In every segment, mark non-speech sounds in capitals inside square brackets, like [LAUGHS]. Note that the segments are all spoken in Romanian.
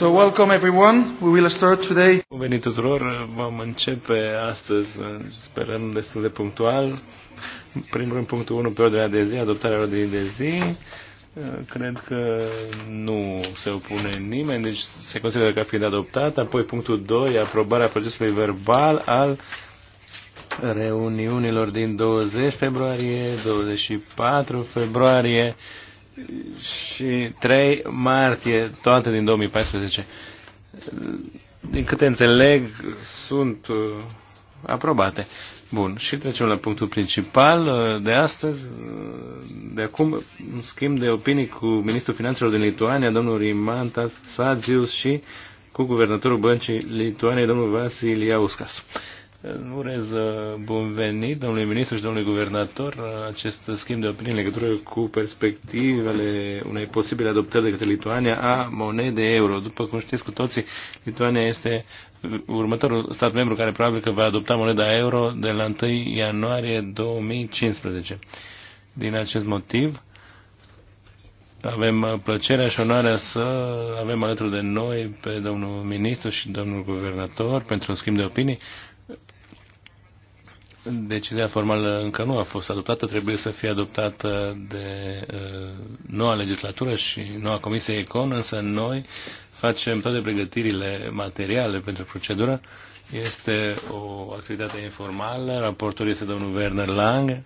So welcome everyone. We will start today. venit tuturor. Vom începe astăzi, sperăm destul de punctual. primul rând, punctul 1 pe ordinea de zi, adoptarea ordinii de zi. Cred că nu se opune nimeni, deci se consideră ca fiind adoptat. Apoi punctul 2, aprobarea procesului verbal al reuniunilor din 20 februarie, 24 februarie, și 3 martie, toate din 2014. Din câte înțeleg, sunt uh, aprobate. Bun, și trecem la punctul principal uh, de astăzi. Uh, de acum, un schimb de opinii cu ministrul finanțelor din Lituania, domnul Rimantas Sadzius și cu guvernatorul băncii Lituaniei, domnul Vasiliauskas. Uh, Urez uh, bun venit domnului ministru și domnului guvernator uh, acest schimb de opinie în legătură cu perspectivele unei posibile adoptări de către Lituania a monedei euro. După cum știți cu toții, Lituania este următorul stat membru care probabil că va adopta moneda euro de la 1 ianuarie 2015. Din acest motiv, avem uh, plăcerea și onoarea să avem alături de noi pe domnul ministru și domnul guvernator pentru un schimb de opinii Decizia formală încă nu a fost adoptată, trebuie să fie adoptată de uh, noua legislatură și noua Comisie Econ, însă noi facem toate pregătirile materiale pentru procedură. Este o activitate informală, raportul este domnul Werner Lang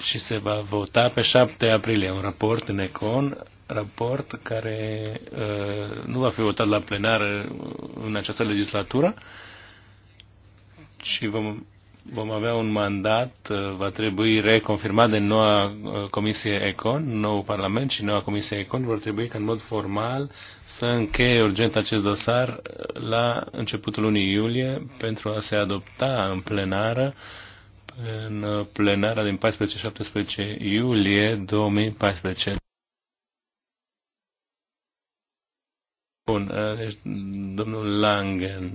și se va vota pe 7 aprilie un raport în Econ, raport care uh, nu va fi votat la plenar în această legislatură, uh, și vom, vom avea un mandat, uh, va trebui reconfirmat de noua uh, Comisie Econ, nou Parlament și noua Comisie Econ, vor trebui ca în mod formal să încheie urgent acest dosar uh, la începutul lunii iulie pentru a se adopta în plenară în plenara din 14-17 iulie 2014. Bun, deci domnul Langen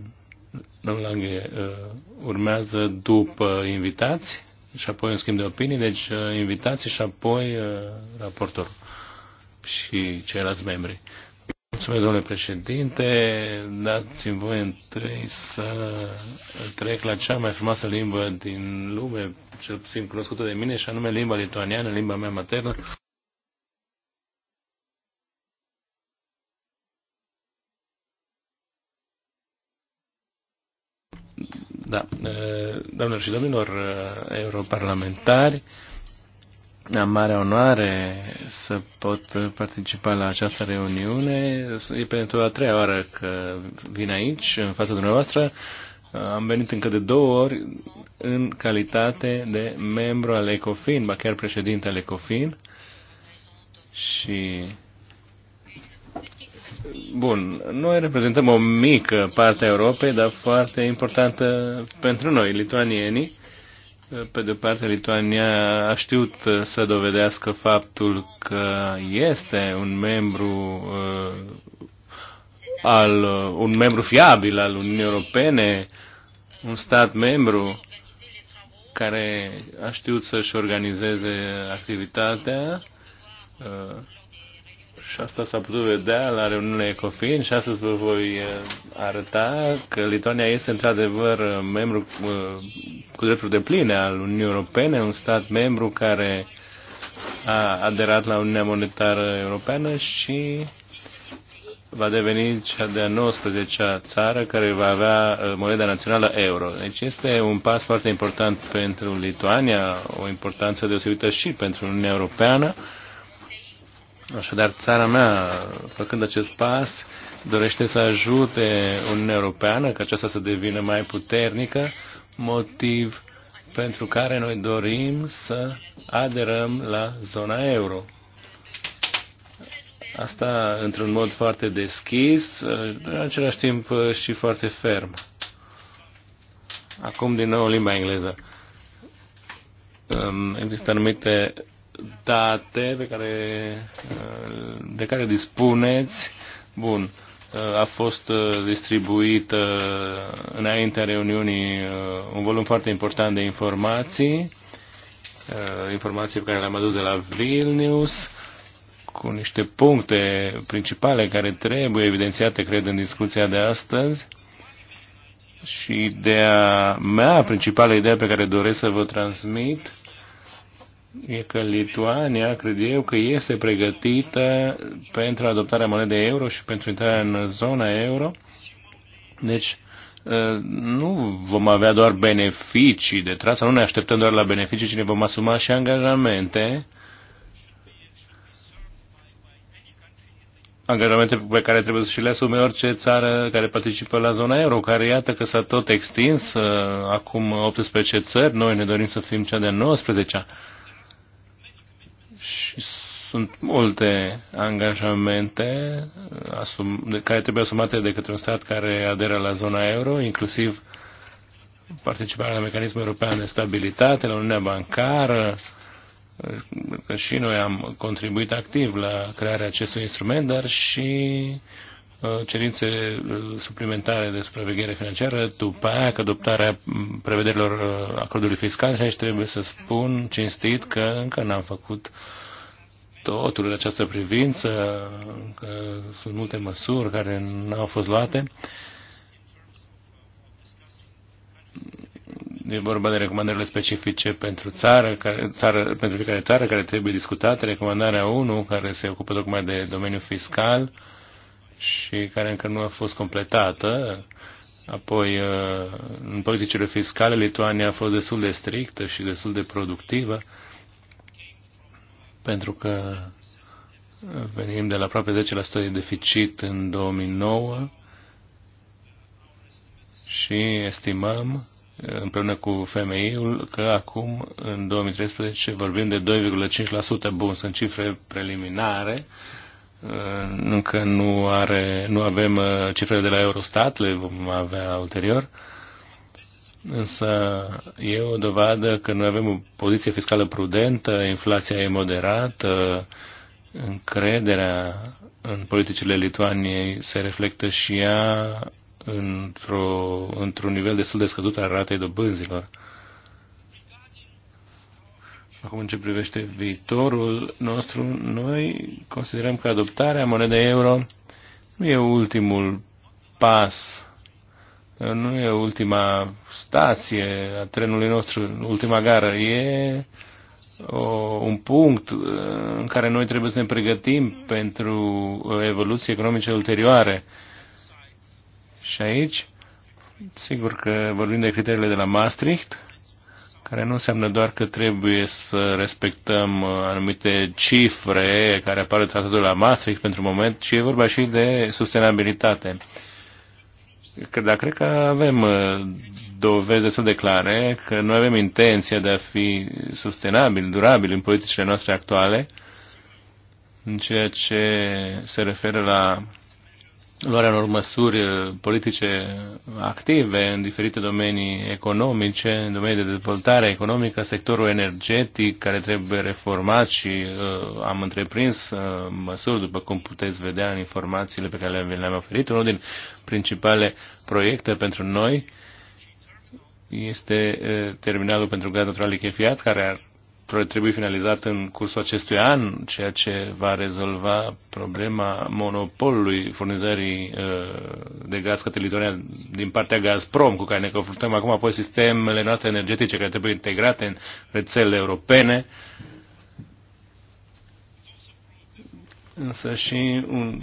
Domnul uh, urmează după invitații, și apoi un schimb de opinii, deci uh, invitații și apoi uh, raportor și ceilalți membri. Mulțumesc, domnule președinte. Dați-mi voi întâi să trec la cea mai frumoasă limbă din lume, cel puțin cunoscută de mine, și anume limba lituaniană, limba mea maternă. Da, doamnelor și domnilor europarlamentari, am mare onoare să pot participa la această reuniune. E pentru a treia oară că vin aici, în fața dumneavoastră. Am venit încă de două ori în calitate de membru al ECOFIN, ba chiar președinte al ECOFIN. Și Bun, noi reprezentăm o mică parte a Europei, dar foarte importantă pentru noi, lituanienii. Pe de o parte, Lituania a știut să dovedească faptul că este un membru uh, al, un membru fiabil al Uniunii Europene, un stat membru care a știut să-și organizeze activitatea uh, și asta s-a putut vedea la reuniunea ECOFIN și astăzi vă voi uh, arăta că Lituania este într-adevăr uh, membru uh, cu drepturi de pline al Uniunii Europene, un stat membru care a aderat la Uniunea Monetară Europeană și va deveni cea de-a 19-a țară care va avea moneda națională euro. Deci este un pas foarte important pentru Lituania, o importanță deosebită și pentru Uniunea Europeană Așadar, țara mea, făcând acest pas, dorește să ajute Uniunea Europeană ca aceasta să devină mai puternică, motiv pentru care noi dorim să aderăm la zona euro. Asta într-un mod foarte deschis, în același timp și foarte ferm. Acum din nou limba engleză. Există anumite date pe care, de care dispuneți, bun, a fost distribuit înaintea reuniunii uh, un volum foarte important de informații, uh, informații pe care le-am adus de la Vilnius, cu niște puncte principale care trebuie evidențiate, cred, în discuția de astăzi. Și ideea mea, principală idee pe care doresc să vă transmit, e că Lituania, cred eu, că este pregătită pentru adoptarea monedei euro și pentru intrarea în zona euro. Deci, ă, nu vom avea doar beneficii de tras, nu ne așteptăm doar la beneficii, ci ne vom asuma și angajamente. Angajamente pe care trebuie să și le asume orice țară care participă la zona euro, care iată că s-a tot extins, ă, acum 18 țări, noi ne dorim să fim cea de 19 -a. Sunt multe angajamente asum, care trebuie asumate de către un stat care aderă la zona euro, inclusiv participarea la mecanismul european de stabilitate, la Uniunea Bancară, că și noi am contribuit activ la crearea acestui instrument, dar și uh, cerințe uh, suplimentare de supraveghere financiară, după aia că adoptarea prevederilor uh, acordului fiscal și aici trebuie să spun cinstit că încă n-am făcut uh, totul în această privință, că sunt multe măsuri care nu au fost luate. E vorba de recomandările specifice pentru țară, care, țară, pentru fiecare țară care trebuie discutate, recomandarea 1 care se ocupă tocmai de domeniul fiscal și care încă nu a fost completată. Apoi, uh, în politicile fiscale, Lituania a fost destul de strictă și destul de productivă pentru că venim de la aproape 10% de deficit în 2009 și estimăm împreună cu FMI-ul că acum, în 2013, vorbim de 2,5%. Bun, sunt cifre preliminare, încă nu, are, nu avem uh, cifrele de la Eurostat, le vom avea ulterior. Însă e o dovadă că noi avem o poziție fiscală prudentă, inflația e moderată, încrederea în politicile Lituaniei se reflectă și ea într un într-un nivel destul de scăzut al ratei dobânzilor. Acum, în ce privește viitorul nostru, noi considerăm că adoptarea monedei euro nu e ultimul pas nu e ultima stație a trenului nostru, ultima gară, e o, un punct uh, în care noi trebuie să ne pregătim pentru uh, evoluții economice ulterioare. Și aici, sigur că vorbim de criteriile de la Maastricht, care nu înseamnă doar că trebuie să respectăm uh, anumite cifre care apar în tratatul la Maastricht pentru moment, ci e vorba și de sustenabilitate că, dar cred că avem uh, dovezi destul de clare că noi avem intenția de a fi sustenabil, durabil în politicile noastre actuale, în ceea ce se referă la luarea unor măsuri uh, politice active în diferite domenii economice, în domenii de dezvoltare economică, sectorul energetic care trebuie reformat și uh, am întreprins uh, măsuri, după cum puteți vedea în informațiile pe care le-am oferit. Unul din principale proiecte pentru noi este uh, terminalul pentru gaz natural lichefiat, care ar trebui finalizat în cursul acestui an, ceea ce va rezolva problema monopolului furnizării uh, de gaz către din partea Gazprom, cu care ne confruntăm acum, apoi sistemele noastre energetice care trebuie integrate în rețelele europene, însă și un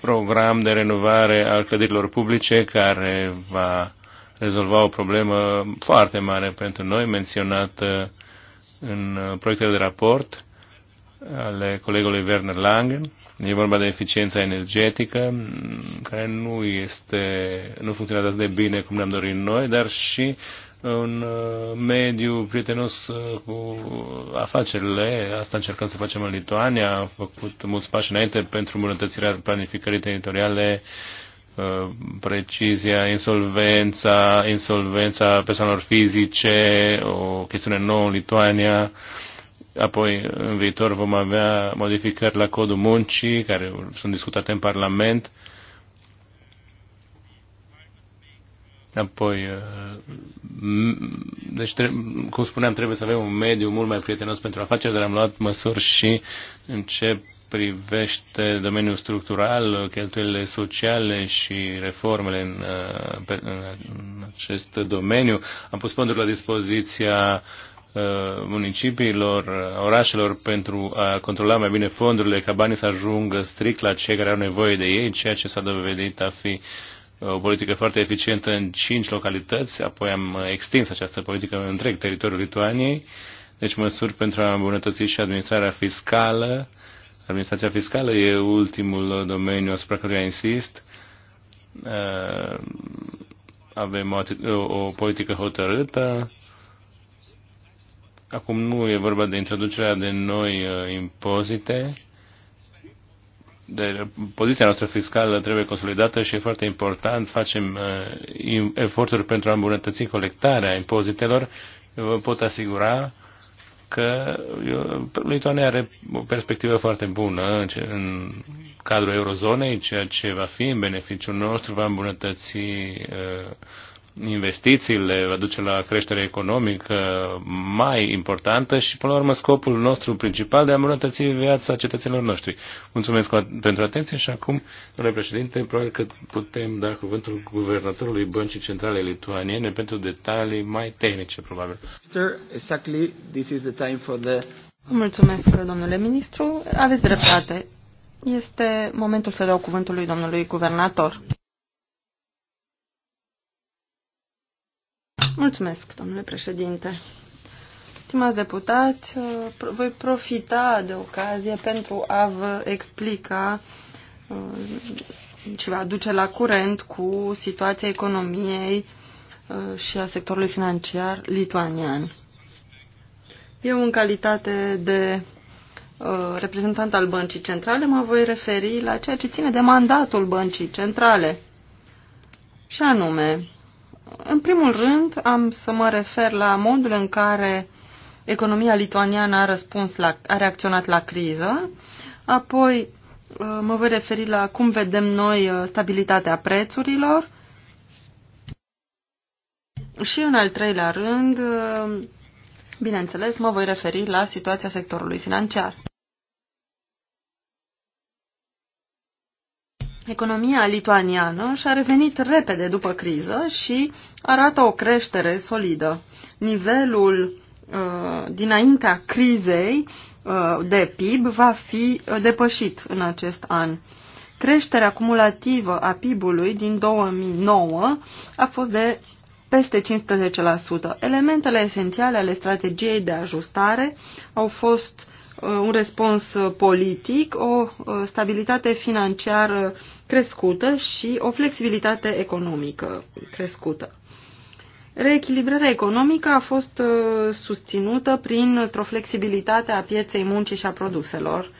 program de renovare al clădirilor publice care va rezolva o problemă foarte mare pentru noi, menționată în uh, proiectele de raport ale colegului Werner Langen. E vorba de eficiența energetică, mm, care nu, este, nu funcționează atât de bine cum ne-am dorit noi, dar și un uh, mediu prietenos uh, cu afacerile. Asta încercăm să facem în Lituania. Am făcut mulți pași înainte pentru îmbunătățirea planificării teritoriale uh, Uh, precizia, insolvența, insolvența persoanelor fizice, o chestiune nouă în Lituania, apoi în viitor vom avea modificări la codul muncii, care sunt discutate în Parlament, Apoi, uh, deci, cum spuneam, trebuie să avem un mediu mult mai prietenos pentru afaceri, dar am luat măsuri și încep privește domeniul structural, cheltuielile sociale și reformele uh, în, în acest domeniu. Am pus fonduri la dispoziția uh, municipiilor, uh, orașelor pentru a controla mai bine fondurile, ca banii să ajungă strict la cei care au nevoie de ei, ceea ce s-a dovedit a fi o politică foarte eficientă în cinci localități, apoi am extins această politică în întreg teritoriul Lituaniei, deci măsuri pentru a îmbunătăți și administrarea fiscală, Administrația fiscală e ultimul domeniu asupra căruia insist. Uh, avem o, o politică hotărâtă. Acum nu e vorba de introducerea de noi uh, impozite. De, deci, poziția noastră fiscală trebuie consolidată și e foarte important. Facem uh, eforturi pentru a îmbunătăți colectarea impozitelor. Vă pot asigura că Lituania are o perspectivă foarte bună în cadrul eurozonei, ceea ce va fi în beneficiul nostru, va îmbunătăți uh, investițiile, va duce la creștere economică mai importantă și, până la urmă, scopul nostru principal de a îmbunătăți viața cetățenilor noștri. Mulțumesc pentru atenție și acum, domnule președinte, probabil că putem da cuvântul guvernatorului Băncii Centrale Lituaniene pentru detalii mai tehnice, probabil. Mulțumesc, domnule ministru. Aveți dreptate. Este momentul să dau cuvântul lui domnului guvernator. Mulțumesc, domnule președinte. Stimați deputați, uh, voi profita de ocazie pentru a vă explica și uh, vă aduce la curent cu situația economiei uh, și a sectorului financiar lituanian. Eu, în calitate de reprezentant al Băncii Centrale, mă voi referi la ceea ce ține de mandatul Băncii Centrale, și anume în primul rând, am să mă refer la modul în care economia lituaniană a, răspuns la, a reacționat la criză, apoi uh, mă voi referi la cum vedem noi uh, stabilitatea prețurilor și, în al treilea rând, uh, bineînțeles, mă voi referi la situația sectorului financiar. Economia lituaniană și-a revenit repede după criză și arată o creștere solidă. Nivelul uh, dinaintea crizei uh, de PIB va fi uh, depășit în acest an. Creșterea cumulativă a PIB-ului din 2009 a fost de peste 15%. Elementele esențiale ale strategiei de ajustare au fost uh, un răspuns uh, politic, o uh, stabilitate financiară crescută și o flexibilitate economică crescută. Reechilibrarea economică a fost uh, susținută printr-o flexibilitate a pieței muncii și a produselor.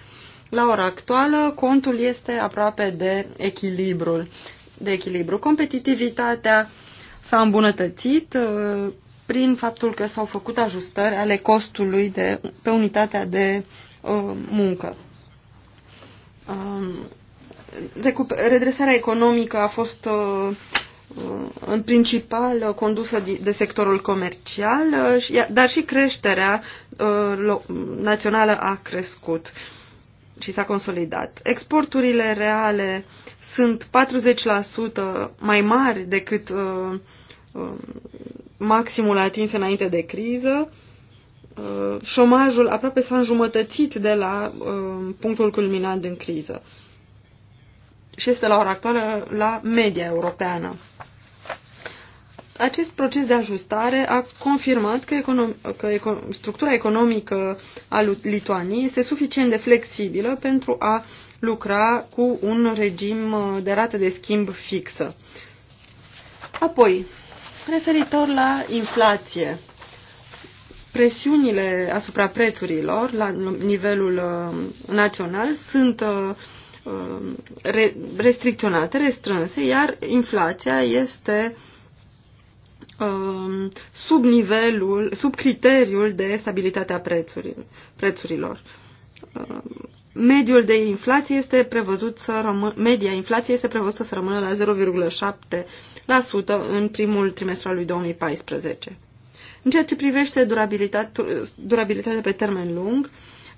La ora actuală, contul este aproape de echilibrul. De echilibru. Competitivitatea s-a îmbunătățit prin faptul că s-au făcut ajustări ale costului de, pe unitatea de uh, muncă. Uh, redresarea economică a fost uh, uh în principal uh, condusă de sectorul comercial, uh, dar și creșterea națională a crescut și s-a consolidat. Exporturile reale sunt 40% mai mari decât Um, maximul atins înainte de criză, uh, șomajul aproape s-a înjumătățit de la um, punctul culminant în criză și este la ora actuală la media europeană. Acest proces de ajustare a confirmat că, econom- că eco- structura economică a Lituaniei este suficient de flexibilă pentru a lucra cu un regim uh, de rată de schimb fixă. Apoi, Referitor la inflație, presiunile asupra prețurilor la nivelul uh, național sunt uh, uh, restricționate, restrânse, iar inflația este um, sub nivelul, sub criteriul de stabilitate a prețurilor. Mediul de inflație este prevăzut să rămână, media inflației este prevăzută să rămână la 0,7 în primul trimestru al lui 2014. În ceea ce privește durabilitatea, pe termen lung,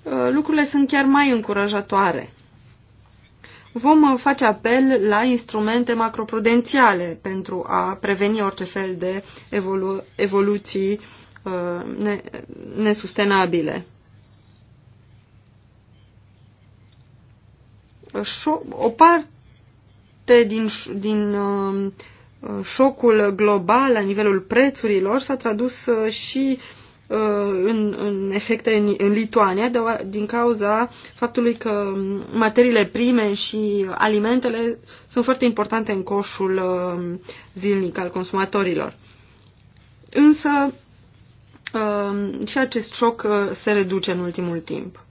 uh, lucrurile sunt chiar mai încurajatoare. Vom uh, face apel la instrumente macroprudențiale pentru a preveni orice fel de evolu evoluții uh, nesustenabile. Uh, o parte din, din uh, șocul global la nivelul prețurilor s-a tradus uh, și uh, în, în efecte în, în Lituania din cauza faptului că materiile prime și alimentele sunt foarte importante în coșul uh, zilnic al consumatorilor. Însă și acest șoc se reduce în ultimul timp.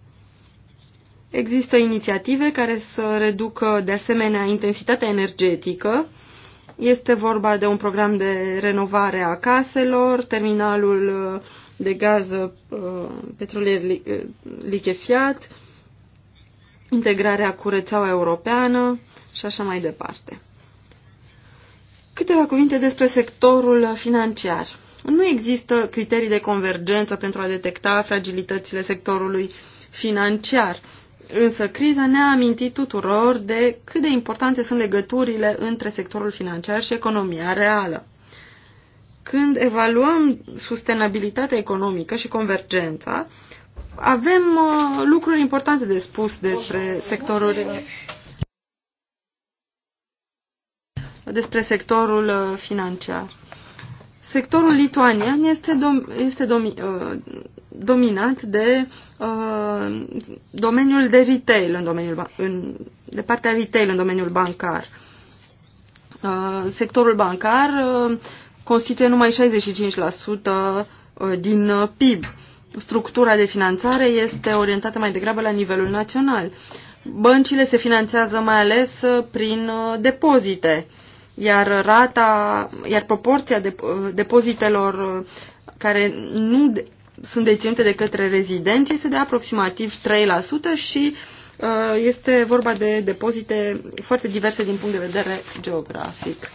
Există inițiative care să reducă de asemenea intensitatea energetică este vorba de un program de renovare a caselor, terminalul uh, de gaz uh, petrolier uh, lichefiat, integrarea cu rețeaua europeană și așa mai departe. Câteva cuvinte despre sectorul financiar. Nu există criterii de convergență pentru a detecta fragilitățile sectorului financiar. Însă criza ne-a amintit tuturor de cât de importante sunt legăturile între sectorul financiar și economia reală. Când evaluăm sustenabilitatea economică și convergența, avem uh, lucruri importante de spus despre sectorul despre sectorul uh, financiar. Sectorul lituanian este, dom- este domi- uh, dominat de uh, domeniul de retail, în domeniul, în, de partea retail în domeniul bancar. Uh, sectorul bancar uh, constituie numai 65% uh, din uh, PIB. Structura de finanțare este orientată mai degrabă la nivelul național. Băncile se finanțează mai ales prin depozite. Uh, iar rata, iar proporția de, depozitelor uh, care nu de, sunt deținute de către rezidenți este de aproximativ 3% și uh, este vorba de depozite foarte diverse din punct de vedere geografic.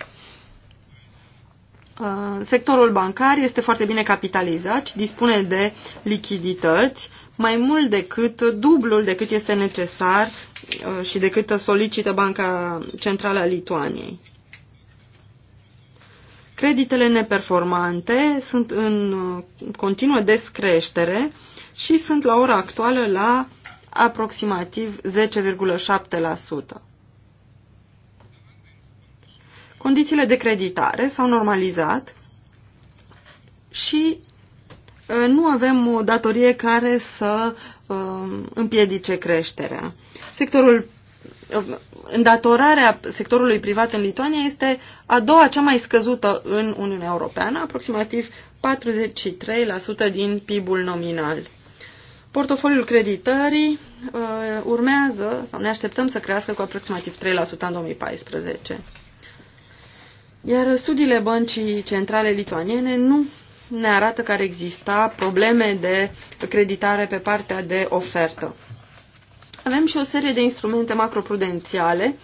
Uh, sectorul bancar este foarte bine capitalizat și dispune de lichidități mai mult decât dublul decât este necesar uh, și decât solicită Banca Centrală a Lituaniei. Creditele neperformante sunt în uh, continuă descreștere și sunt la ora actuală la aproximativ 10,7%. Condițiile de creditare s-au normalizat și uh, nu avem o datorie care să uh, împiedice creșterea. Sectorul îndatorarea sectorului privat în Lituania este a doua cea mai scăzută în Uniunea Europeană, aproximativ 43% din PIB-ul nominal. Portofoliul creditării uh, urmează, sau ne așteptăm să crească cu aproximativ 3% în 2014. Iar studiile băncii centrale lituaniene nu ne arată că ar exista probleme de creditare pe partea de ofertă. Avem și o serie de instrumente macroprudențiale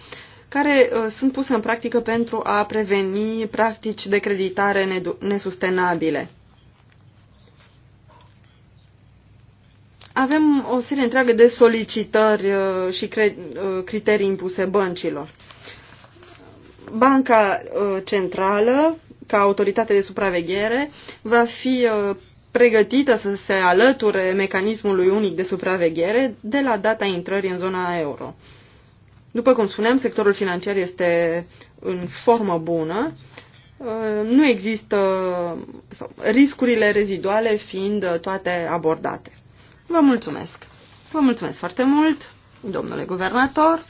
care uh, sunt puse în practică pentru a preveni practici de creditare nesustenabile. Avem o serie întreagă de solicitări uh, și uh, criterii impuse băncilor. Banca centrală, ca autoritate de supraveghere, va fi pregătită să se alăture mecanismului unic de supraveghere de la data intrării în zona euro. După cum spuneam, sectorul financiar este în formă bună, uh, nu există sau, riscurile reziduale fiind toate abordate. Vă mulțumesc! Vă mulțumesc foarte mult, domnule guvernator.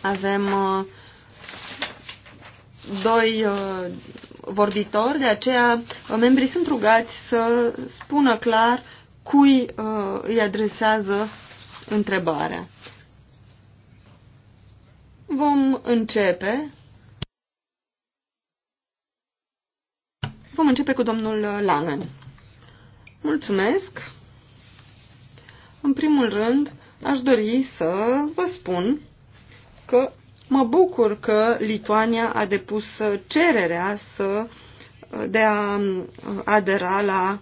Avem uh, doi uh, vorbitor, de aceea uh, membrii sunt rugați să spună clar cui uh, îi adresează întrebarea. Vom începe. Vom începe cu domnul Langen. Mulțumesc. În primul rând, aș dori să vă spun că Mă bucur că Lituania a depus uh, cererea să, uh, de a um, adera la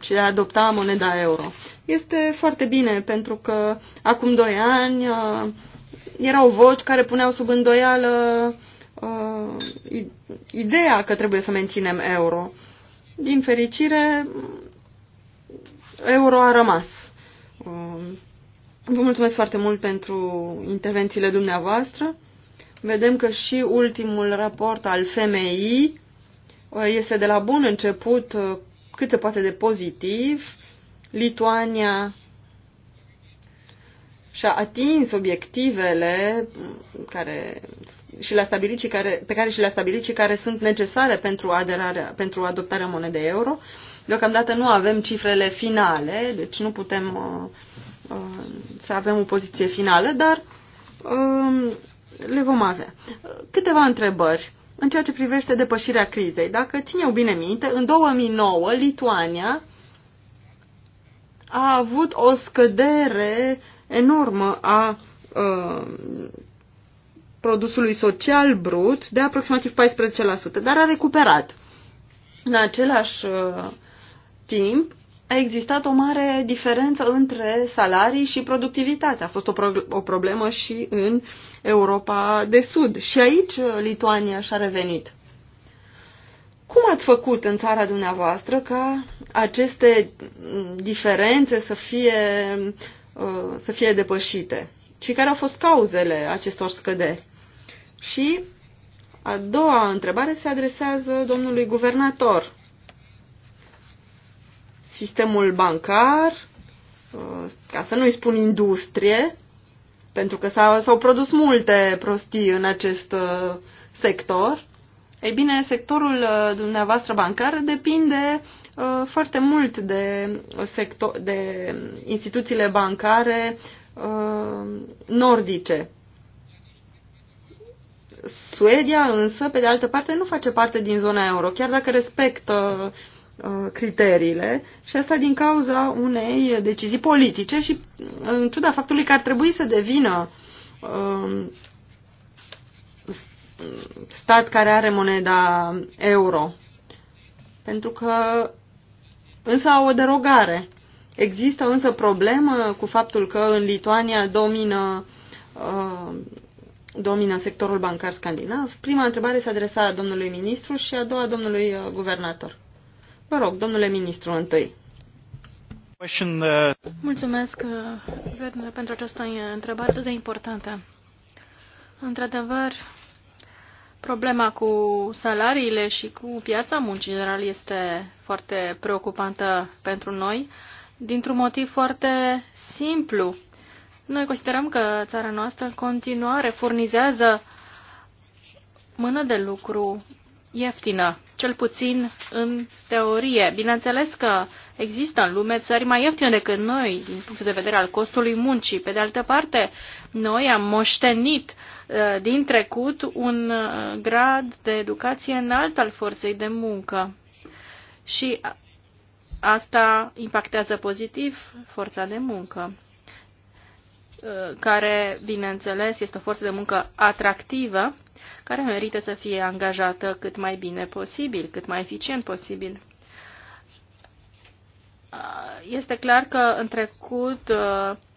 și a adopta moneda euro. Este foarte bine pentru că acum doi ani uh, erau voci care puneau sub îndoială uh, ideea că trebuie să menținem euro. Din fericire, euro a rămas. Uh, Vă mulțumesc foarte mult pentru intervențiile dumneavoastră. Vedem că și ultimul raport al FMI uh, este de la bun început uh, cât se poate de pozitiv. Lituania și-a atins obiectivele care, și le stabilit și care, pe care și le-a stabilit și care sunt necesare pentru, aderarea, pentru adoptarea monedei euro. Deocamdată nu avem cifrele finale, deci nu putem uh, Uh, să avem o poziție finală, dar um, le vom avea. Câteva întrebări în ceea ce privește depășirea crizei. Dacă țin eu bine minte, în 2009 Lituania a avut o scădere enormă a uh, produsului social brut de aproximativ 14%, dar a recuperat. În același uh, timp, a existat o mare diferență între salarii și productivitate. A fost o, pro- o problemă și în Europa de Sud. Și aici uh, Lituania și-a revenit. Cum ați făcut în țara dumneavoastră ca aceste mm, diferențe să fie, uh, să fie depășite? Și care au fost cauzele acestor scăderi? Și a doua întrebare se adresează domnului guvernator sistemul bancar, uh, ca să nu-i spun industrie, pentru că s-au produs multe prostii în acest uh, sector. Ei bine, sectorul uh, dumneavoastră bancar depinde foarte mult de, sector, de instituțiile bancare nordice. Suedia însă, pe de altă parte, nu face parte din zona euro, chiar dacă respectă uh, Uh, criteriile și asta din cauza unei decizii politice și uh, în ciuda faptului că ar trebui să devină um, stat care are moneda euro. Pentru că însă au o derogare. Există însă problemă cu faptul că în Lituania domină, uh, domină sectorul bancar scandinav. Prima întrebare se adresa domnului ministru și a doua domnului uh, guvernator. Vă rog, domnule ministru, întâi. Uh, Mulțumesc, uh, Werner, pentru această întrebare atât de importantă. Într-adevăr, problema cu salariile și cu piața muncii, în general, este foarte preocupantă pentru noi, dintr-un motiv foarte simplu. Noi considerăm că țara noastră în continuare furnizează mână de lucru ieftină, cel puțin în teorie. Bineînțeles că există în lume țări mai ieftine decât noi, din punct de vedere al costului muncii. Pe de altă parte, noi am moștenit uh, din trecut un uh, grad de educație înalt al forței de muncă. Și asta impactează pozitiv forța de muncă care, bineînțeles, este o forță de muncă atractivă, care merită să fie angajată cât mai bine posibil, cât mai eficient posibil. Este clar că în trecut,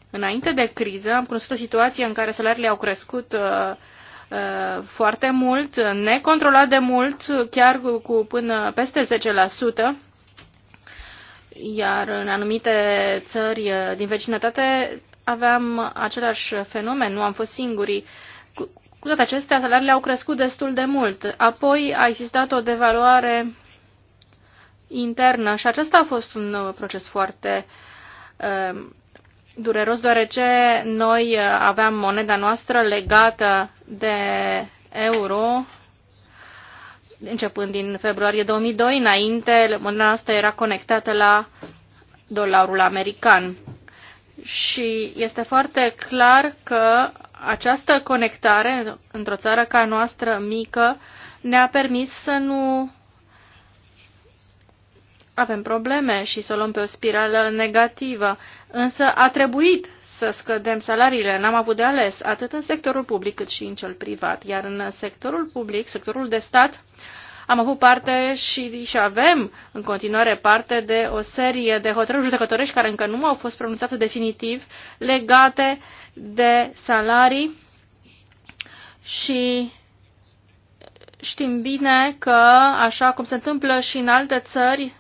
înainte de criză, am cunoscut o situație în care salariile au crescut uh, uh, foarte mult, necontrolat de mult, chiar cu până peste 10%, iar în anumite țări uh, din vecinătate aveam același fenomen, nu am fost singurii. Cu, cu toate acestea, salariile au crescut destul de mult. Apoi a existat o devaluare internă și acesta a fost un proces foarte uh, dureros, deoarece noi uh, aveam moneda noastră legată de euro începând din februarie 2002. Înainte, moneda noastră era conectată la dolarul american și este foarte clar că această conectare într-o țară ca noastră mică ne-a permis să nu avem probleme și să o luăm pe o spirală negativă. Însă a trebuit să scădem salariile, n-am avut de ales, atât în sectorul public cât și în cel privat. Iar în sectorul public, sectorul de stat, uh, am avut parte și, și avem în continuare parte de o serie de hotărâri judecătorești care încă nu au fost pronunțate definitiv legate de salarii și știm bine că, așa cum se întâmplă și în alte țări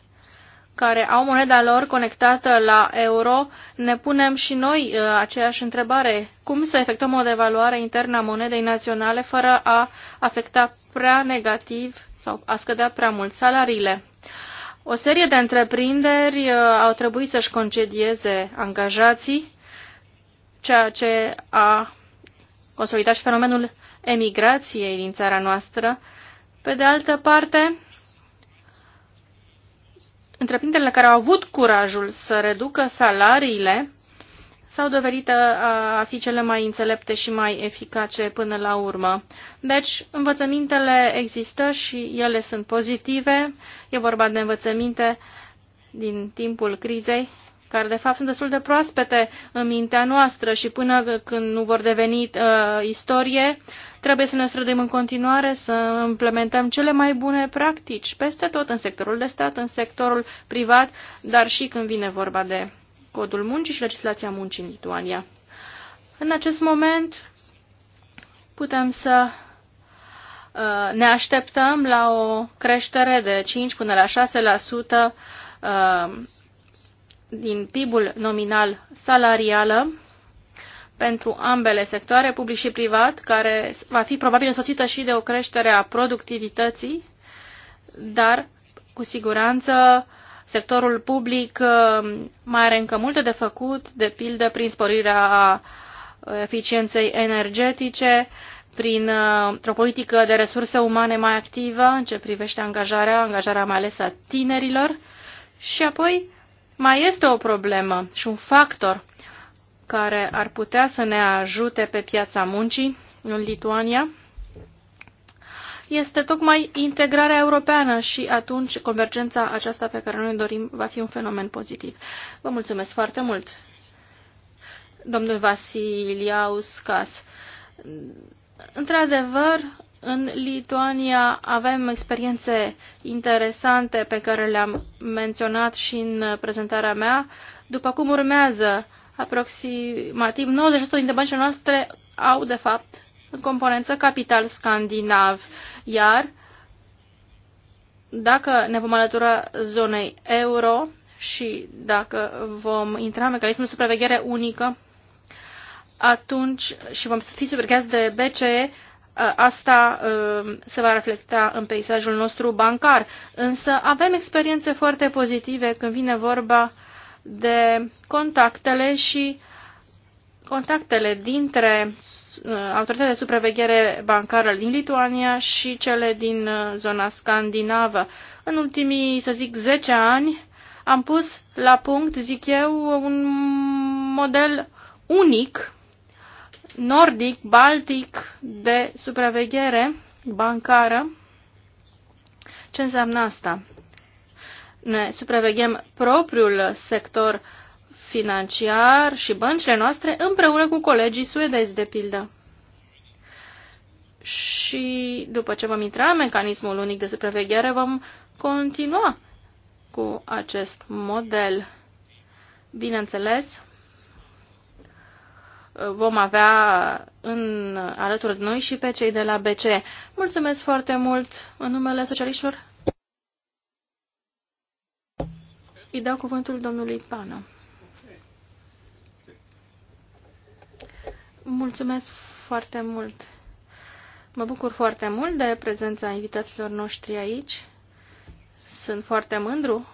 care au moneda lor conectată la euro, ne punem și noi uh, aceeași întrebare. Cum să efectuăm o devaluare internă a monedei naționale fără a afecta prea negativ sau a scădea prea mult salariile. O serie de întreprinderi uh, au trebuit să-și concedieze angajații, ceea ce a consolidat și fenomenul emigrației din țara noastră. Pe de altă parte, întreprinderile care au avut curajul să reducă salariile s-au dovedit a fi cele mai înțelepte și mai eficace până la urmă. Deci, învățămintele există și ele sunt pozitive. E vorba de învățăminte din timpul crizei, care de fapt sunt destul de proaspete în mintea noastră și până când nu vor deveni uh, istorie, trebuie să ne străduim în continuare să implementăm cele mai bune practici peste tot, în sectorul de stat, în sectorul privat, dar și când vine vorba de codul muncii și legislația muncii în Lituania. În acest moment putem să uh, ne așteptăm la o creștere de 5 până la 6% uh, din PIB-ul nominal salarială pentru ambele sectoare, public și privat, care va fi probabil însoțită și de o creștere a productivității, dar cu siguranță uh, sectorul public uh, mai are încă multe de făcut, de pildă prin sporirea eficienței energetice, prin uh, o politică de resurse umane mai activă în ce privește angajarea, angajarea mai ales a tinerilor. Și apoi mai este o problemă și un factor care ar putea să ne ajute pe piața muncii în Lituania, este tocmai integrarea europeană și atunci convergența aceasta pe care noi o dorim va fi un fenomen pozitiv. Vă mulțumesc foarte mult, domnul Vasiliauskas. Într-adevăr, în Lituania avem experiențe interesante pe care le-am menționat și în prezentarea mea. După cum urmează, aproximativ 90% dintre băncile noastre au, de fapt, în componență capital scandinav. Iar dacă ne vom alătura zonei euro și dacă vom intra în mecanismul de supraveghere unică, atunci și vom fi supravegheați de BCE, asta uh, se va reflecta în peisajul nostru bancar. Însă avem experiențe foarte pozitive când vine vorba de contactele și contactele dintre Uh, autoritatea de supraveghere bancară din Lituania și cele din uh, zona scandinavă. În ultimii, să zic, 10 ani am pus la punct, zic eu, un model unic, nordic, baltic, de supraveghere bancară. Ce înseamnă asta? Ne supraveghem propriul sector uh, financiar și băncile noastre împreună cu colegii suedezi, de pildă. Și după ce vom intra în mecanismul unic de supraveghere, vom continua cu acest model. Bineînțeles, vom avea în, alături de noi și pe cei de la BC. Mulțumesc foarte mult în numele socialiștilor. Îi dau cuvântul domnului Pană. Mulțumesc foarte mult! Mă bucur foarte mult de prezența invitaților noștri aici. Sunt foarte mândru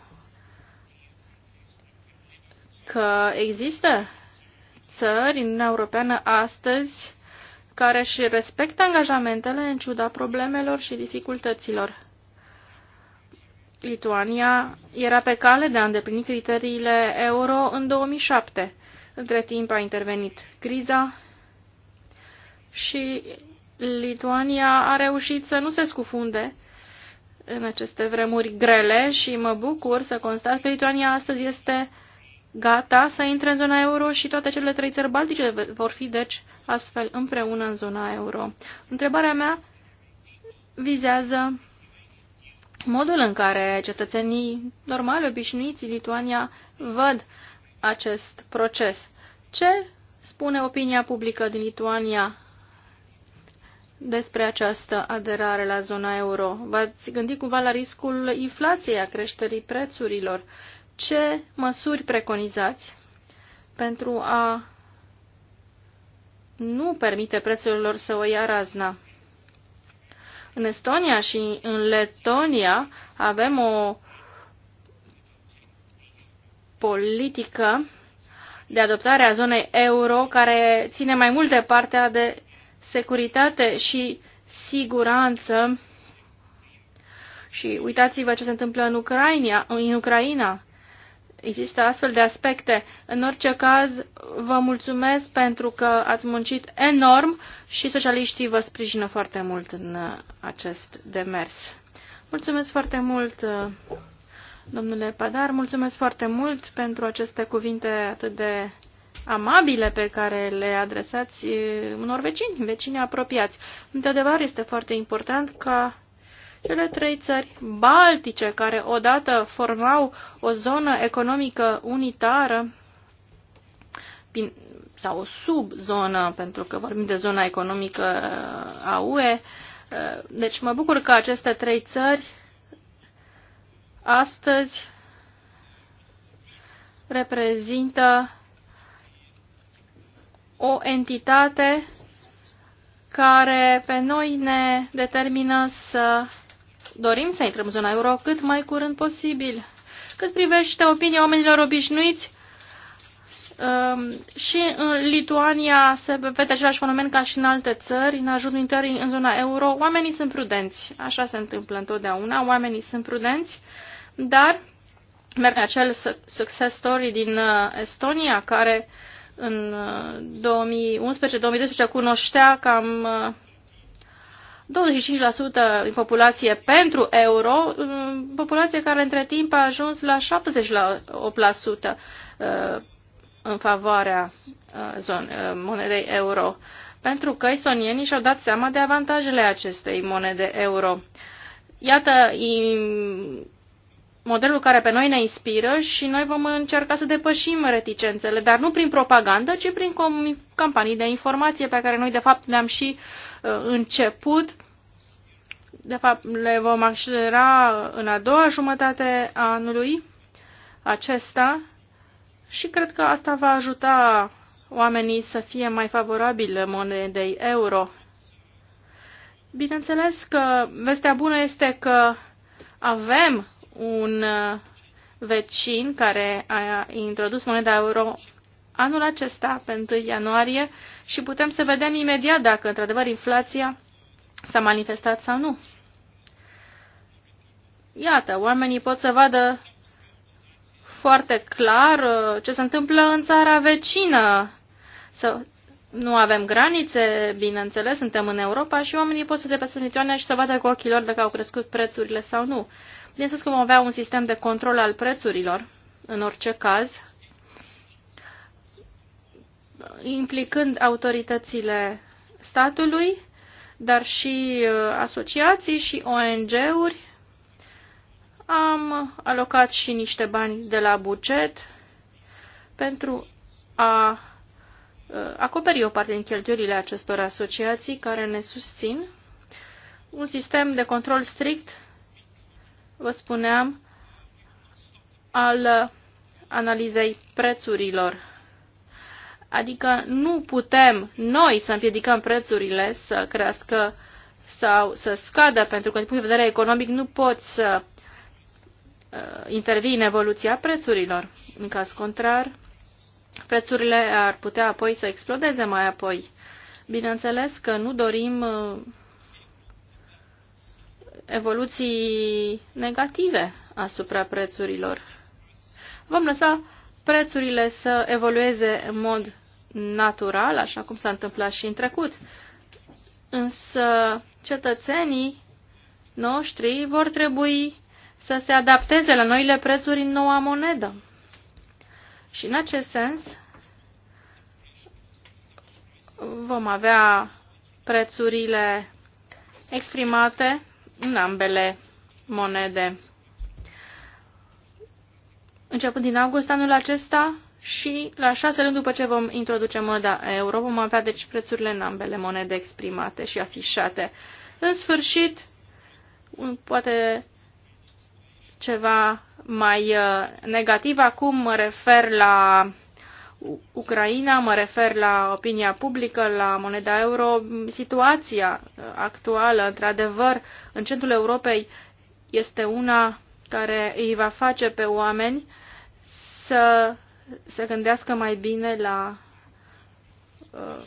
că există țări în Uniunea Europeană astăzi care își respectă angajamentele în ciuda problemelor și dificultăților. Lituania era pe cale de a îndeplini criteriile euro în 2007. Între timp a intervenit criza și Lituania a reușit să nu se scufunde în aceste vremuri grele și mă bucur să constat că Lituania astăzi este gata să intre în zona euro și toate cele trei țări baltice vor fi, deci, astfel împreună în zona euro. Întrebarea mea vizează modul în care cetățenii normali, obișnuiți, Lituania, văd acest proces. Ce spune opinia publică din Lituania despre această aderare la zona euro? V-ați gândit cumva la riscul inflației, a creșterii prețurilor? Ce măsuri preconizați pentru a nu permite prețurilor să o ia razna? În Estonia și în Letonia avem o politică de adoptare a zonei euro care ține mai mult de partea de securitate și siguranță. Și uitați-vă ce se întâmplă în Ucraina. În Ucraina. Există astfel de aspecte. În orice caz, vă mulțumesc pentru că ați muncit enorm și socialiștii vă sprijină foarte mult în acest demers. Mulțumesc foarte mult, domnule Padar, mulțumesc foarte mult pentru aceste cuvinte atât de amabile pe care le adresați unor vecini, vecini apropiați. Într-adevăr, este foarte important ca cele trei țări baltice, care odată formau o zonă economică unitară, sau o subzonă pentru că vorbim de zona economică a UE. Deci mă bucur că aceste trei țări astăzi reprezintă o entitate care pe noi ne determină să dorim să intrăm în zona euro cât mai curând posibil. Cât privește opinia oamenilor obișnuiți, um, și în Lituania se vede același fenomen ca și în alte țări, în ajunul intrării în zona euro. Oamenii sunt prudenți, așa se întâmplă întotdeauna, oamenii sunt prudenți, dar merg acel success story din uh, Estonia care uh, în 2011-2012 uh, cunoștea cam 25% uh, din populație pentru euro, uh, populație care între timp a ajuns la 78% în favoarea monedei euro, pentru că estonienii și-au dat seama de avantajele acestei monede euro. Iată modelul care pe noi ne inspiră și noi vom încerca să depășim reticențele, dar nu prin propagandă, ci prin campanii de informație pe care noi de fapt le-am și uh, început. De fapt, le vom accelera în a doua jumătate a anului acesta și cred că asta va ajuta oamenii să fie mai favorabili monedei euro. Bineînțeles că vestea bună este că avem un uh, vecin care a introdus moneda euro anul acesta, pe 1 ianuarie, și putem să vedem imediat dacă, într-adevăr, inflația s-a manifestat sau nu. Iată, oamenii pot să vadă foarte clar uh, ce se întâmplă în țara vecină. Să nu avem granițe, bineînțeles, suntem în Europa și oamenii pot să se pe și să vadă cu ochii lor dacă au crescut prețurile sau nu. Bineînțeles că vom avea un sistem de control al prețurilor, în orice caz, implicând autoritățile statului, dar și uh, asociații și ONG-uri. Am alocat și niște bani de la buget pentru a uh, acoperi o parte din cheltuielile acestor asociații care ne susțin. Un sistem de control strict vă spuneam, al analizei prețurilor. Adică nu putem noi să împiedicăm prețurile să crească sau să scadă, pentru că din punct de vedere economic nu poți să uh, intervii în evoluția prețurilor. În caz contrar, prețurile ar putea apoi să explodeze mai apoi. Bineînțeles că nu dorim uh, evoluții negative asupra prețurilor. Vom lăsa prețurile să evolueze în mod natural, așa cum s-a întâmplat și în trecut. Însă cetățenii noștri vor trebui să se adapteze la noile prețuri în noua monedă. Și în acest sens vom avea prețurile exprimate în ambele monede. Începând din august anul acesta și la șase luni după ce vom introduce moneda euro, vom avea deci prețurile în ambele monede exprimate și afișate. În sfârșit, poate ceva mai uh, negativ. Acum mă refer la Ucraina, mă refer la opinia publică, la moneda euro, situația uh, actuală, într-adevăr, în centrul Europei este una care îi va face pe oameni să se gândească mai bine la uh,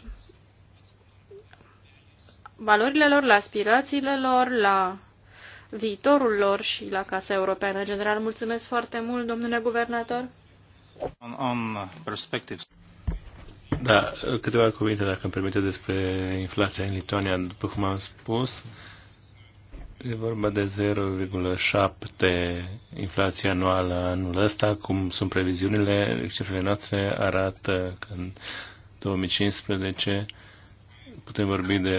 valorile lor, la aspirațiile lor, la viitorul lor și la Casa Europeană. În general, mulțumesc foarte mult, domnule guvernator. On, on Da, câteva cuvinte, dacă îmi permite, despre inflația în Lituania. După cum am spus, e vorba de 0,7 inflație anuală anul ăsta, cum sunt previziunile, cifrele noastre arată că în 2015 putem vorbi de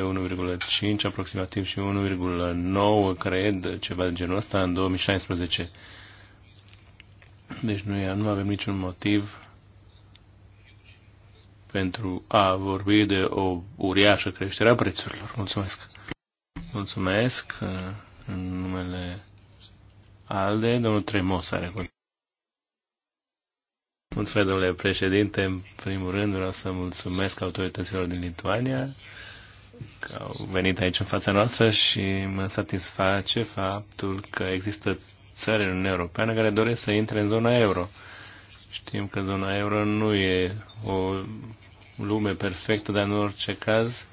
1,5 aproximativ și 1,9, cred, ceva de genul ăsta, în 2016. Deci noi nu avem niciun motiv pentru a vorbi de o uriașă creștere a prețurilor. Mulțumesc! Mulțumesc uh, în numele ALDE, domnul Tremos are cuvânt. Mulțumesc, domnule președinte. În primul rând vreau să mulțumesc autorităților din Lituania că au venit aici în fața noastră și mă satisface faptul că există țări în Europeană care doresc să intre în zona euro. Știm că zona euro nu e o lume perfectă, dar în orice caz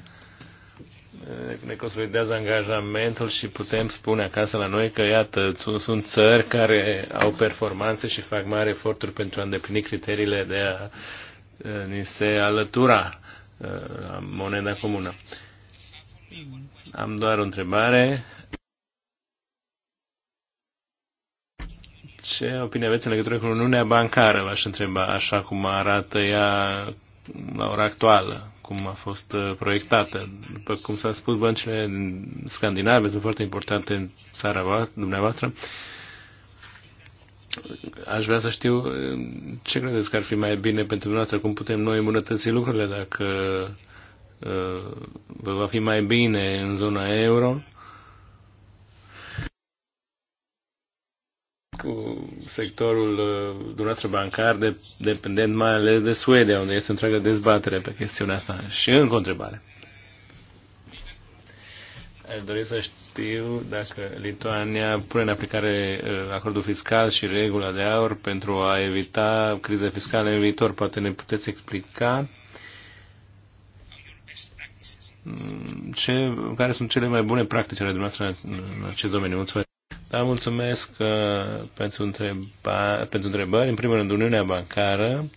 eh, ne consolidează angajamentul și putem spune acasă la noi că, iată, sunt țări care au performanțe și fac mari eforturi pentru a îndeplini criteriile de a eh, ni se alătura eh, moneda comună. Am doar o întrebare Ce opinie aveți în legătură cu Uniunea Bancară, v-aș întreba, așa cum arată ea la ora actuală, cum a fost uh, proiectată? După cum s-a spus, băncile scandinave sunt foarte importante în țara voastră, dumneavoastră. Aș vrea să știu uh, ce credeți că ar fi mai bine pentru dumneavoastră, cum putem noi îmbunătăți lucrurile dacă uh, vă va fi mai bine în zona euro cu sectorul uh, dumneavoastră bancar de, dependent mai ales de Suedia, unde este întreaga dezbatere pe chestiunea asta. Și încă o întrebare. Aș dori să știu dacă Lituania pune în aplicare uh, acordul fiscal și regula de aur pentru a evita crize fiscale în viitor. Poate ne puteți explica mm, ce, care sunt cele mai bune practici ale dumneavoastră în acest domeniu. Mulțumesc. Da, mulțumesc uh, pentru, întreba, pentru întrebări. În primul rând, Uniunea Bancară.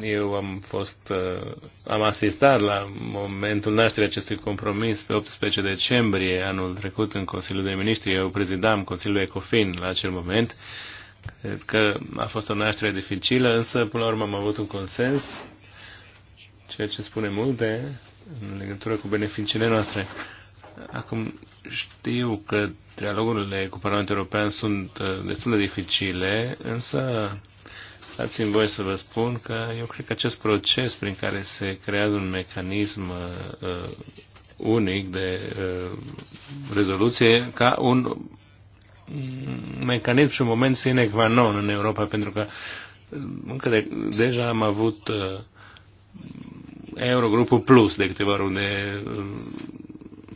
Eu am fost, uh, am asistat la momentul nașterii acestui compromis pe 18 decembrie anul trecut în Consiliul de Ministri. Eu prezidam Consiliul Ecofin la acel moment. Cred că a fost o naștere dificilă, însă până la urmă am avut un consens, ceea ce spune multe în legătură cu beneficiile noastre. Acum știu că dialogurile cu Parlamentul European sunt uh, destul de dificile, însă dați-mi voi să vă spun că eu cred că acest proces prin care se creează un mecanism uh, uh, unic de uh, rezoluție ca un mecanism și un moment sine qua non în Europa, pentru că încă de, deja am avut uh, Eurogrupul Plus de câteva ori, unde um,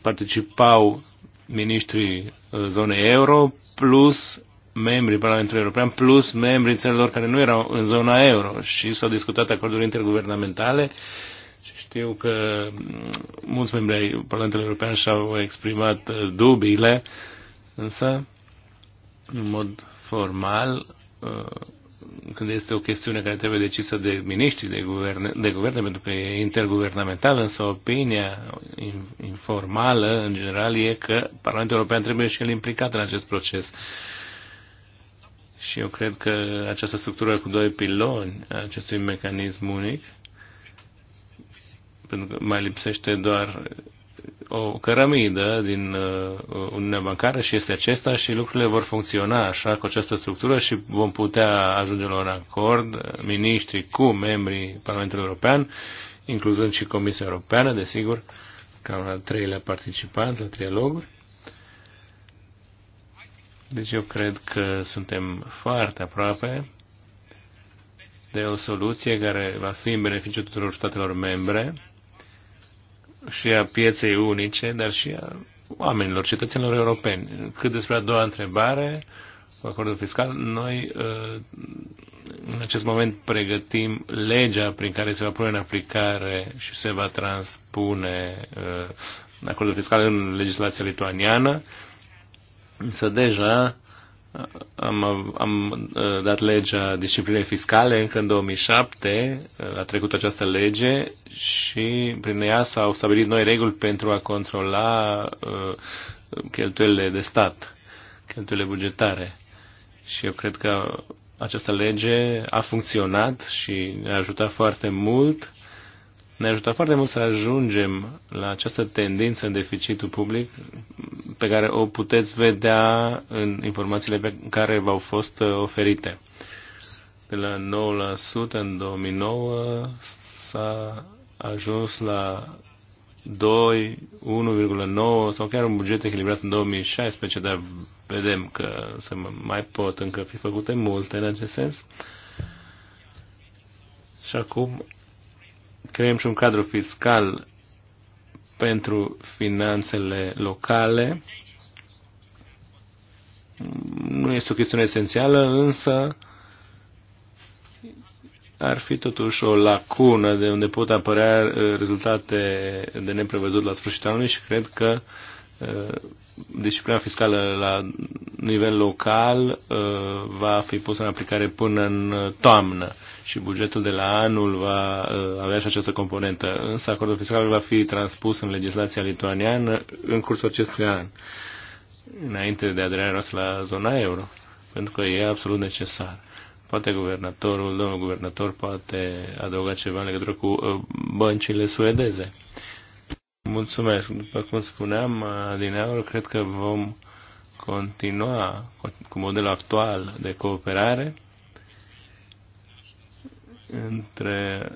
participau ministrii uh, zonei euro, plus membrii Parlamentului European, plus membrii țărilor care nu erau în zona euro și s-au discutat acorduri interguvernamentale și știu că um, mulți membri ai Parlamentului European și-au exprimat uh, dubiile, însă, în mod formal, uh, când este o chestiune care trebuie decisă de miniștri, de guverne, de guverne pentru că e interguvernamentală, însă opinia informală, în general, e că Parlamentul European trebuie și el implicat în acest proces. Și eu cred că această structură cu doi piloni a acestui mecanism unic, pentru că mai lipsește doar o cărămidă din uh, Uniunea Bancară și este acesta și lucrurile vor funcționa așa cu această structură și vom putea ajunge la un acord, miniștri cu membrii Parlamentului European, incluzând și Comisia Europeană, desigur, ca un al treilea participant la trialoguri. Deci eu cred că suntem foarte aproape de o soluție care va fi în beneficiu tuturor statelor membre și a pieței unice, dar și a oamenilor, cetățenilor europeni. Cât despre a doua întrebare, cu acordul fiscal, noi uh, în acest moment pregătim legea prin care se va pune în aplicare și se va transpune uh, acordul fiscal în legislația lituaniană, însă deja am, am uh, dat legea disciplinei fiscale încă în 2007, uh, a trecut această lege și prin ea s-au stabilit noi reguli pentru a controla uh, cheltuielile de stat, cheltuielile bugetare. Și eu cred că această lege a funcționat și ne-a ajutat foarte mult ne ajută foarte mult să ajungem la această tendință în deficitul public pe care o puteți vedea în informațiile pe care v-au fost uh, oferite. De la 9% în 2009 s-a ajuns la 2, 1,9 sau chiar un buget echilibrat în 2016, dar vedem că se mai pot încă fi făcute multe în acest sens. Și acum creăm și un cadru fiscal pentru finanțele locale. Nu este o chestiune esențială, însă ar fi totuși o lacună de unde pot apărea uh, rezultate de neprevăzut la sfârșitul anului și cred că uh, disciplina fiscală la nivel local uh, va fi pusă în aplicare până în toamnă și bugetul de la anul va uh, avea și această componentă. Însă acordul fiscal va fi transpus în legislația lituaniană în cursul acestui an, înainte de aderarea noastră la zona euro, pentru că e absolut necesar. Poate guvernatorul, domnul guvernator, poate adăuga ceva în legătură cu uh, băncile suedeze. Mulțumesc. După cum spuneam, din aur, cred că vom continua cu modelul actual de cooperare între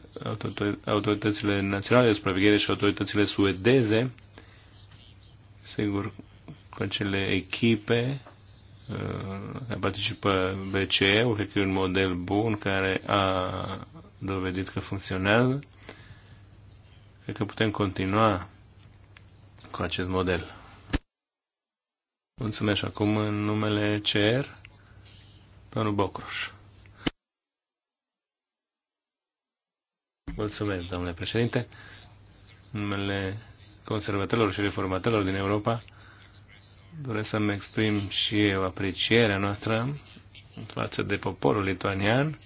autoritățile naționale de supraveghere și autoritățile suedeze, sigur, cu acele echipe uh, participă BCE-ul, cred că e un model bun care a dovedit că funcționează. Cred că putem continua cu acest model. Mulțumesc acum în numele CR, domnul Bocroș. Mulțumesc, domnule președinte. Numele conservatorilor și reformatorilor din Europa doresc să-mi exprim și eu aprecierea noastră față de poporul lituanian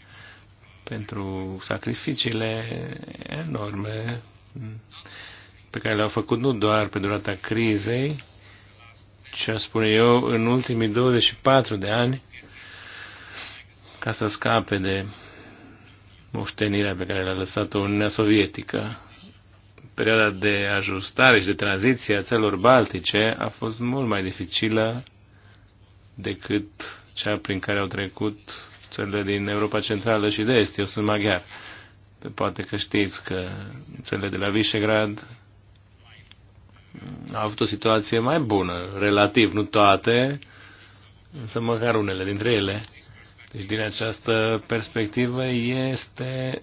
pentru sacrificiile enorme pe care le-au făcut nu doar pe durata crizei, ce spune eu, în ultimii 24 de ani, ca să scape de moștenirea pe care le-a lăsat-o Uniunea Sovietică. Perioada de ajustare și de tranziție a țărilor baltice a fost mult mai dificilă decât cea prin care au trecut țările din Europa Centrală și de Est. Eu sunt maghiar. Poate că știți că țările de la Visegrad au avut o situație mai bună, relativ, nu toate, însă măcar unele dintre ele. Deci din această perspectivă este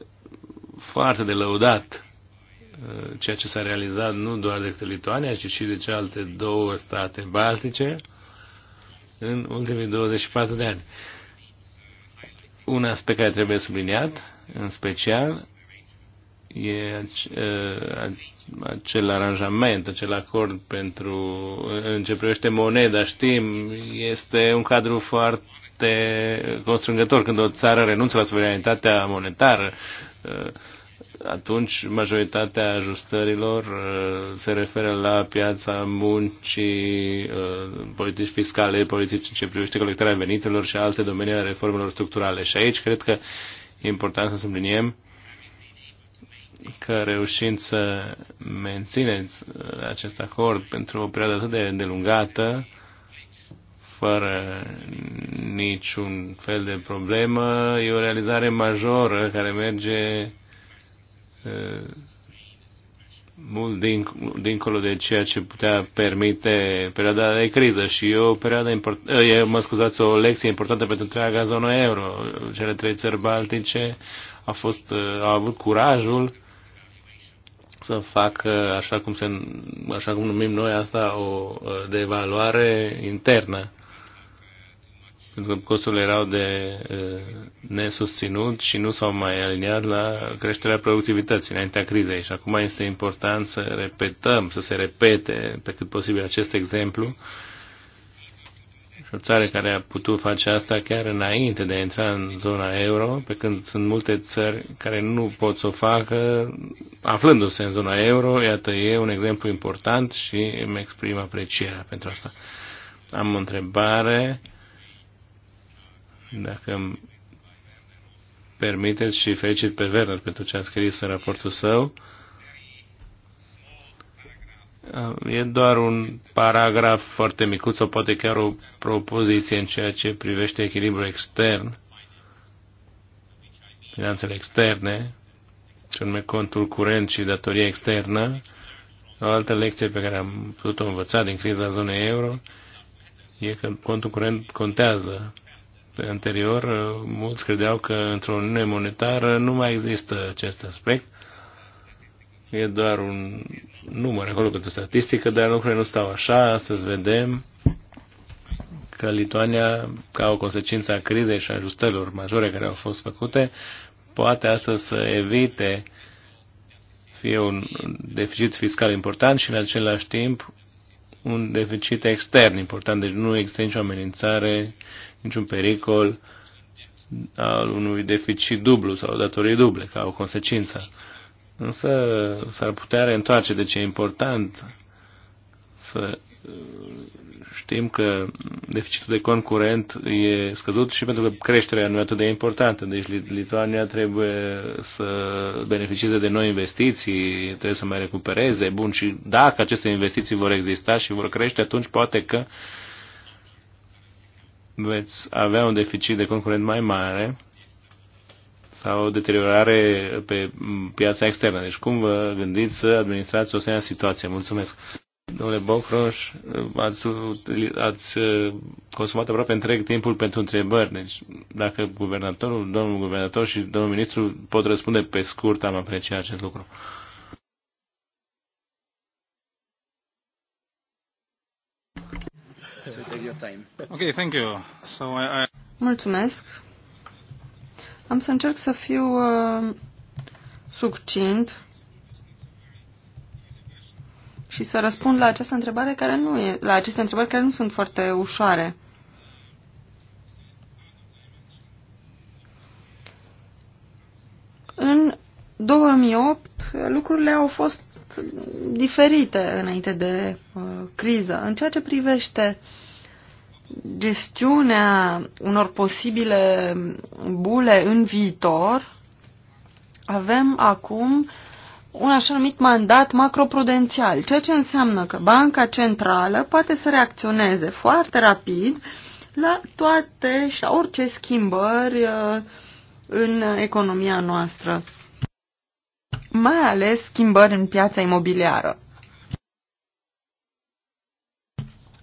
foarte de lăudat uh, ceea ce s-a realizat nu doar de Lituania, ci și de cealaltă două state baltice în ultimii 24 de ani. Un aspect care trebuie subliniat, în special, e uh, acel aranjament, acel acord pentru, în ce privește moneda, știm, este un cadru foarte foarte constrângător când o țară renunță la suveranitatea monetară uh, atunci majoritatea ajustărilor uh, se referă la piața muncii, uh, politici fiscale, politici ce privește colectarea venitelor și alte domenii ale reformelor structurale. Și aici cred că e important să subliniem că reușind să mențineți acest acord pentru o perioadă atât de îndelungată, fără niciun fel de problemă. E o realizare majoră care merge mult din, dincolo de ceea ce putea permite perioada de criză și e o perioadă import, e, mă scuzați, o lecție importantă pentru întreaga zonă euro. Cele trei țări baltice au, fost, au avut curajul să facă, așa cum, se, așa cum numim noi asta, o devaluare internă pentru că costurile erau de nesusținut și nu s-au mai aliniat la creșterea productivității înaintea crizei. Și acum este important să repetăm, să se repete pe cât posibil acest exemplu. Și o țară care a putut face asta chiar înainte de a intra în zona euro, pe când sunt multe țări care nu pot să o facă aflându-se în zona euro, iată, e un exemplu important și îmi exprim aprecierea pentru asta. Am o întrebare dacă îmi permiteți și fericit pe Werner pentru ce a scris în raportul său, E doar un paragraf foarte micuț sau poate chiar o propoziție în ceea ce privește echilibrul extern, finanțele externe, ce nume contul curent și datoria externă. O altă lecție pe care am putut-o învăța din criza zonei euro e că contul curent contează anterior, mulți credeau că într-o uniune monetară nu mai există acest aspect. E doar un număr acolo pentru statistică, dar lucrurile nu stau așa. Astăzi vedem că Lituania, ca o consecință a crizei și a ajustărilor majore care au fost făcute, poate astăzi să evite fie un deficit fiscal important și în același timp un deficit extern important, deci nu există nicio amenințare, niciun pericol al unui deficit dublu sau datorii duble ca o consecință. Însă s-ar putea reîntoarce, deci e important să știm că deficitul de cont curent e scăzut și pentru că creșterea nu e atât de importantă. Deci Lituania trebuie să beneficieze de noi investiții, trebuie să mai recupereze. Bun, și dacă aceste investiții vor exista și vor crește, atunci poate că veți avea un deficit de concurent mai mare sau o deteriorare pe piața externă. Deci cum vă gândiți să administrați o asemenea situație? Mulțumesc! Domnule Bocroș, ați, ați uh, consumat aproape întreg timpul pentru întrebări, deci dacă guvernatorul, domnul guvernator și domnul ministru pot răspunde pe scurt, am apreciat acest lucru. thank you. So I, I... Mulțumesc. Am să încerc să fiu uh, succint și să răspund la această întrebare care nu e, la aceste întrebări care nu sunt foarte ușoare. În 2008 lucrurile au fost diferite înainte de uh, criză. În ceea ce privește gestiunea unor posibile bule în viitor, avem acum uh, un așa numit mandat macroprudențial, ceea ce înseamnă că Banca Centrală poate să reacționeze foarte rapid la toate și la orice schimbări uh, în economia noastră, mai ales schimbări în piața imobiliară.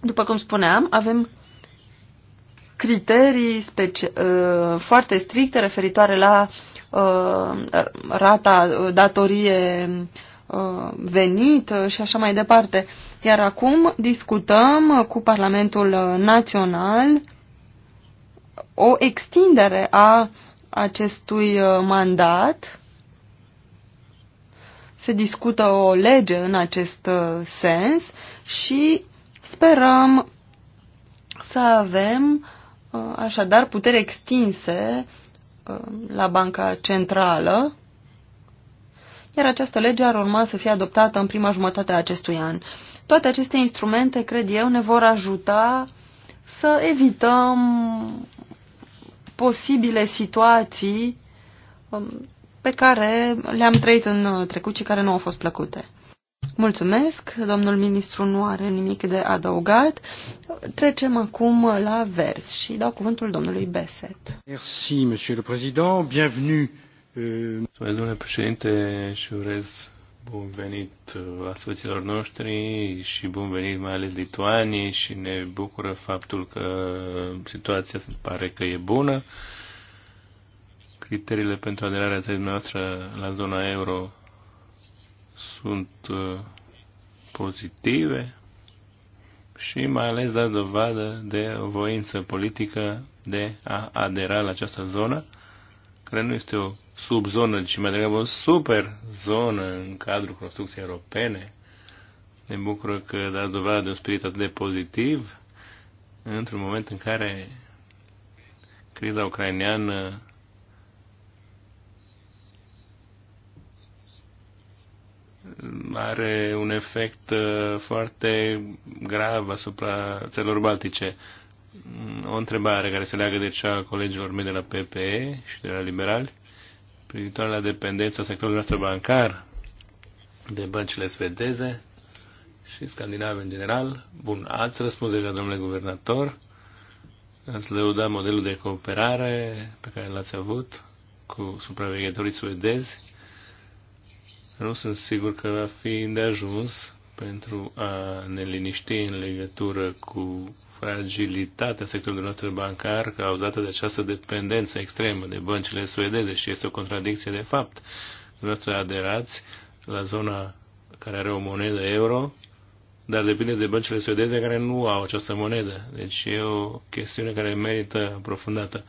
După cum spuneam, avem criterii uh, foarte stricte referitoare la Uh, rata uh, datorie uh, venit și așa mai departe. Iar acum discutăm cu Parlamentul Național o extindere a acestui mandat. Se discută o lege în acest sens și sperăm să avem așadar puteri extinse Uh, la Banca Centrală, iar această lege ar urma să fie adoptată în prima jumătate a acestui an. Toate aceste instrumente, cred eu, ne vor ajuta să evităm posibile situații um, pe care le-am trăit în trecut și care nu au fost plăcute. Mulțumesc, domnul ministru nu are nimic de adăugat. Trecem acum la vers și dau cuvântul domnului Beset. Merci, monsieur le président. Bienvenue. Euh, Mulțumesc, domnule președinte, și urez bun venit uh, asociilor noștri și bun venit mai ales lituanii și ne bucură faptul că situația se pare că e bună. Criteriile pentru aderarea țării noastre la zona euro sunt uh, pozitive și mai ales dați dovadă de o voință politică de a adera la această zonă, care nu este o subzonă, ci mai degrabă o super zonă în cadrul construcției europene. Ne bucură că dați dovadă de un spirit atât de pozitiv într-un moment în care criza ucraineană are un efect uh, foarte grav asupra țărilor baltice. Mm, o întrebare care se leagă de cea a colegilor mei de la PPE și de la Liberali, privitoare la dependența sectorului nostru bancar de băncile svedeze și scandinave în general. Bun, ați răspuns deja, domnule guvernator, ați lăudat modelul de cooperare pe care l-ați avut cu supraveghetorii suedezi nu sunt sigur că va fi îndeajuns pentru a ne liniști în legătură cu fragilitatea sectorului nostru bancar cauzată de această dependență extremă de băncile suedeze și este o contradicție de fapt. Noi aderați la zona care are o monedă euro, dar depinde de băncile suedeze care nu au această monedă. Deci e o chestiune care merită aprofundată.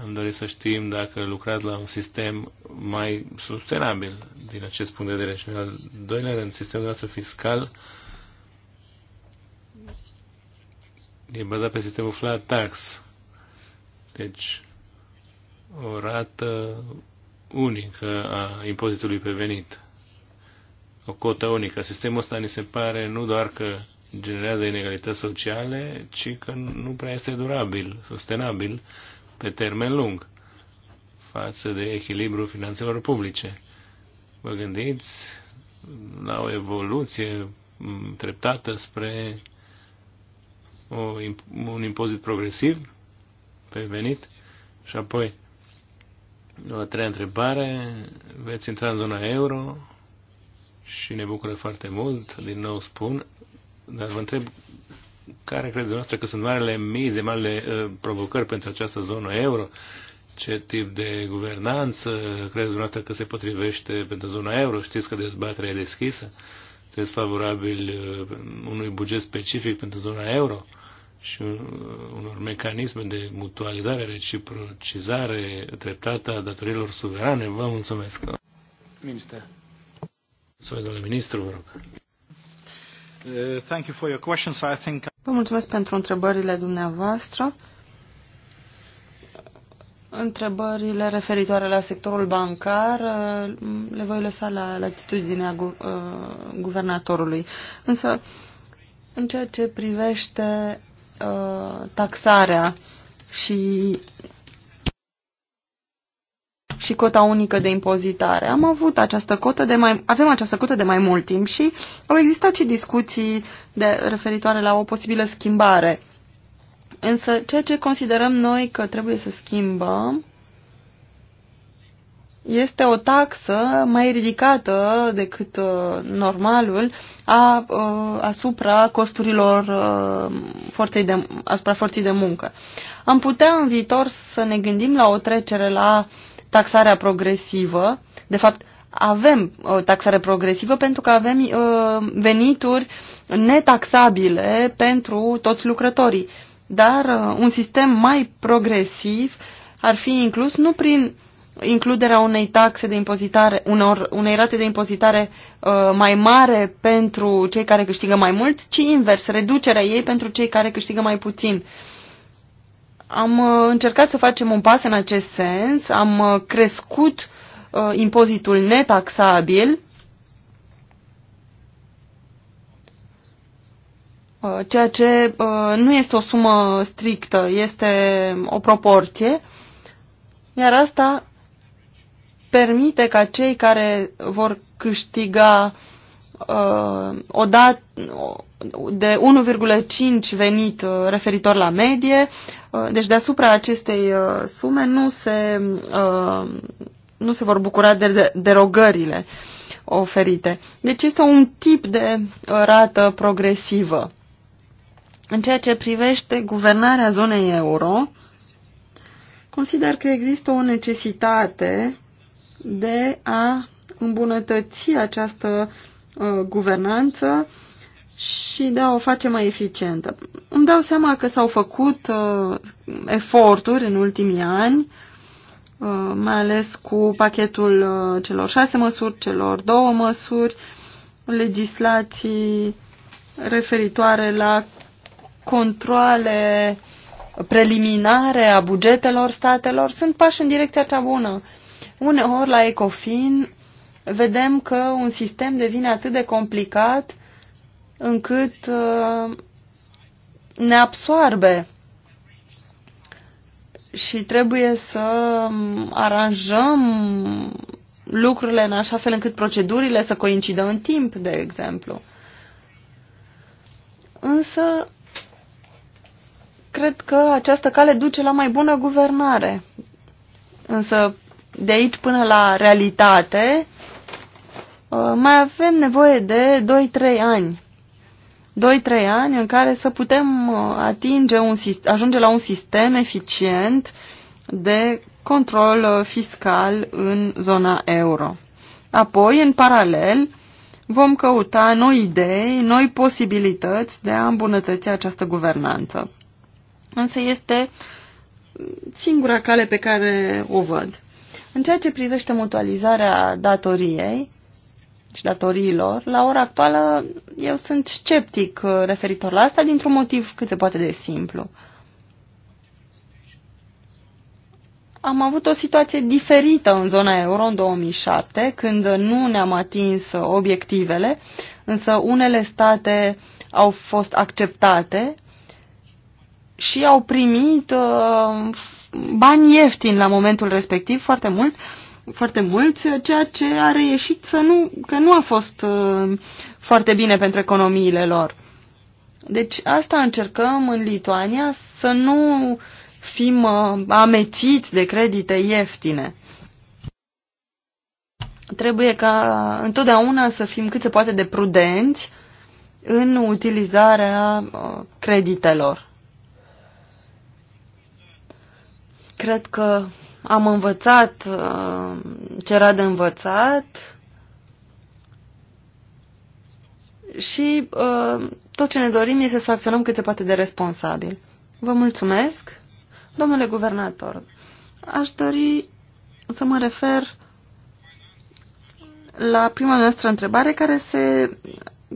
Am dorit să știm dacă lucrați la un sistem mai sustenabil din acest punct de vedere. Și în al doilea rând, sistemul nostru fiscal e bazat pe sistemul flat tax. Deci, o rată unică a impozitului pe venit. O cotă unică. Sistemul ăsta ni se pare nu doar că generează inegalități sociale, ci că nu prea este durabil, sustenabil pe termen lung față de echilibrul finanțelor publice. Vă gândiți la o evoluție treptată spre o, un impozit progresiv pe venit? Și apoi, o a treia întrebare, veți intra în zona euro și ne bucură foarte mult, din nou spun, dar vă întreb care credeți dumneavoastră că sunt marele mize, marele uh, provocări pentru această zonă euro? Ce tip de guvernanță credeți dumneavoastră că se potrivește pentru zona euro? Știți că dezbaterea e deschisă? Sunteți favorabil uh, unui buget specific pentru zona euro? și uh, unor mecanisme de mutualizare, reciprocizare treptată a datorilor suverane. Vă mulțumesc. Minister. Mulțumesc, domnule ministru, vă rog. Uh, thank you for your questions. I think Vă mulțumesc pentru întrebările dumneavoastră. Întrebările referitoare la sectorul bancar le voi lăsa la latitudinea uh, guvernatorului. Însă, în ceea ce privește uh, taxarea și și cota unică de impozitare. Am avut această cotă de mai, avem această cotă de mai mult timp și au existat și discuții de referitoare la o posibilă schimbare. Însă ceea ce considerăm noi că trebuie să schimbăm este o taxă mai ridicată decât uh, normalul a, uh, asupra costurilor uh, forței de, asupra forței de muncă. Am putea în viitor să ne gândim la o trecere la taxarea progresivă. De fapt, avem o uh, taxare progresivă pentru că avem uh, venituri netaxabile pentru toți lucrătorii. Dar uh, un sistem mai progresiv ar fi inclus nu prin includerea unei taxe de impozitare, unor, unei rate de impozitare uh, mai mare pentru cei care câștigă mai mult, ci invers, reducerea ei pentru cei care câștigă mai puțin. Am uh, încercat să facem un pas în acest sens, am uh, crescut uh, Uh, impozitul netaxabil, uh, ceea ce uh, nu este o sumă strictă, este o proporție, iar asta permite ca cei care vor câștiga o dat, de 1,5 venit referitor la medie, deci deasupra acestei sume nu se nu se vor bucura de derogările oferite. Deci este un tip de uh, rată progresivă. În ceea ce privește guvernarea zonei euro, consider că există o necesitate de a îmbunătăți această uh, guvernanță și de a o face mai eficientă. Îmi dau seama că s-au făcut uh, eforturi în ultimii ani uh, Uh, mai ales cu pachetul uh, celor șase măsuri, celor două măsuri, legislații referitoare la controle preliminare a bugetelor statelor, sunt pași în direcția cea bună. Uneori la ECOFIN vedem că un sistem devine atât de complicat încât uh, ne absoarbe și trebuie să um, aranjăm lucrurile în așa fel încât procedurile să coincidă în timp, de exemplu. Însă, cred că această cale duce la mai bună guvernare. Însă, de aici până la realitate, uh, mai avem nevoie de 2-3 ani. 2-3 ani în care să putem uh, atinge un, ajunge la un sistem eficient de control uh, fiscal în zona euro. Apoi, în paralel, vom căuta noi idei, noi posibilități de a îmbunătăți această guvernanță. Însă este uh, singura cale pe care o văd. În ceea ce privește mutualizarea datoriei, și datoriilor. La ora actuală eu sunt sceptic uh, referitor la asta dintr-un motiv cât se poate de simplu. Am avut o situație diferită în zona euro în 2007, când nu ne-am atins obiectivele, însă unele state au fost acceptate și au primit uh, bani ieftini la momentul respectiv, foarte mult, uh, foarte mulți, ceea ce a reieșit să nu, că nu a fost uh, foarte bine pentru economiile lor. Deci asta încercăm în Lituania să nu fim uh, amețiți de credite ieftine. Trebuie ca întotdeauna să fim cât se poate de prudenți în utilizarea uh, creditelor. Cred că am învățat uh, ce era de învățat și uh, tot ce ne dorim este să acționăm cât se poate de responsabil. Vă mulțumesc, domnule guvernator. Aș dori să mă refer la prima noastră întrebare care, se,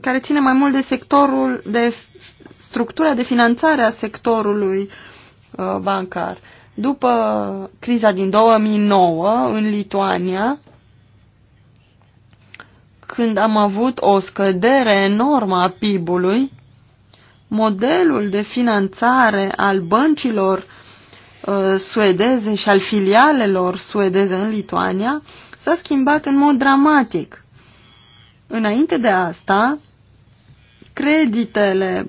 care ține mai mult de sectorul, de structura de finanțare a sectorului uh, bancar. Uh, după criza din 2009 în Lituania, când am avut o scădere enormă a PIB-ului, modelul de finanțare al băncilor uh, suedeze și al filialelor suedeze în Lituania s-a schimbat în mod dramatic. Înainte de asta, creditele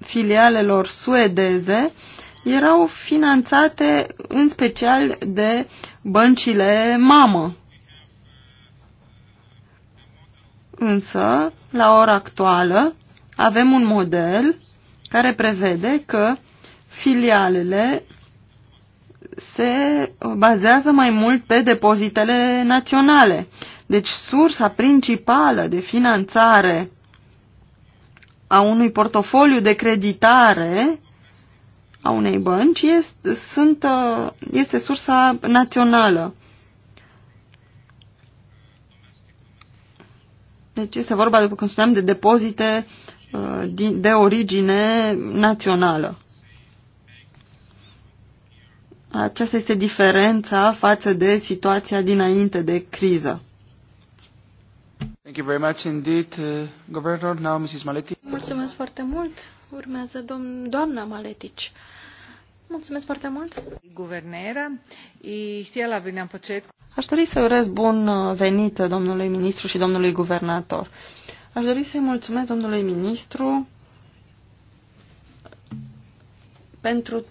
filialelor suedeze uh, erau finanțate în special de băncile mamă. Însă, la ora actuală, avem un model care prevede că filialele se bazează mai mult pe depozitele naționale. Deci sursa principală de finanțare a unui portofoliu de creditare a unei bănci este, sunt, uh, este sursa națională. Deci este vorba, după cum spuneam, de depozite uh, de origine națională. Aceasta este diferența față de situația dinainte de criză. Thank you very much indeed, uh, Governor. Now, Mrs. Maletti. Mulțumesc foarte mult. Urmează dom doamna Maletici. Mulțumesc foarte mult. Guvernera, la bine na početku... Aș dori să urez bun uh, venit domnului ministru și domnului guvernator. Aș dori să-i mulțumesc domnului ministru pentru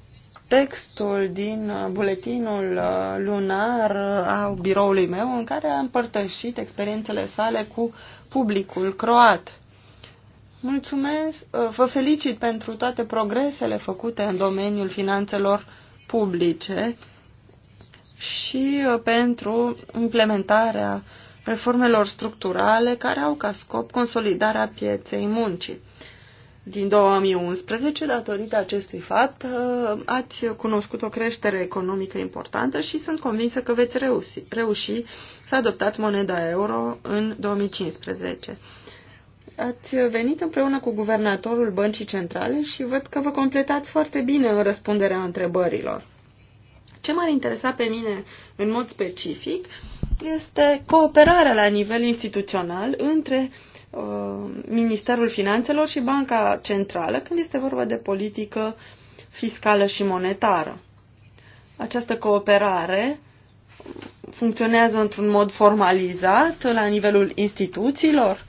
textul din uh, buletinul uh, lunar a biroului meu în care a împărtășit experiențele sale cu publicul croat. Mulțumesc, vă felicit pentru toate progresele făcute în domeniul finanțelor publice și uh, pentru implementarea reformelor structurale care au ca scop consolidarea pieței muncii. Din 2011, datorită acestui fapt, uh, ați cunoscut o creștere economică importantă și sunt convinsă că veți reuși, reuși să adoptați moneda euro în 2015 ați venit împreună cu guvernatorul Băncii Centrale și văd că vă completați foarte bine în răspunderea întrebărilor. Ce m-ar interesa pe mine în mod specific este cooperarea la nivel instituțional între uh, Ministerul Finanțelor și Banca Centrală când este vorba de politică fiscală și monetară. Această cooperare funcționează într-un mod formalizat la nivelul instituțiilor?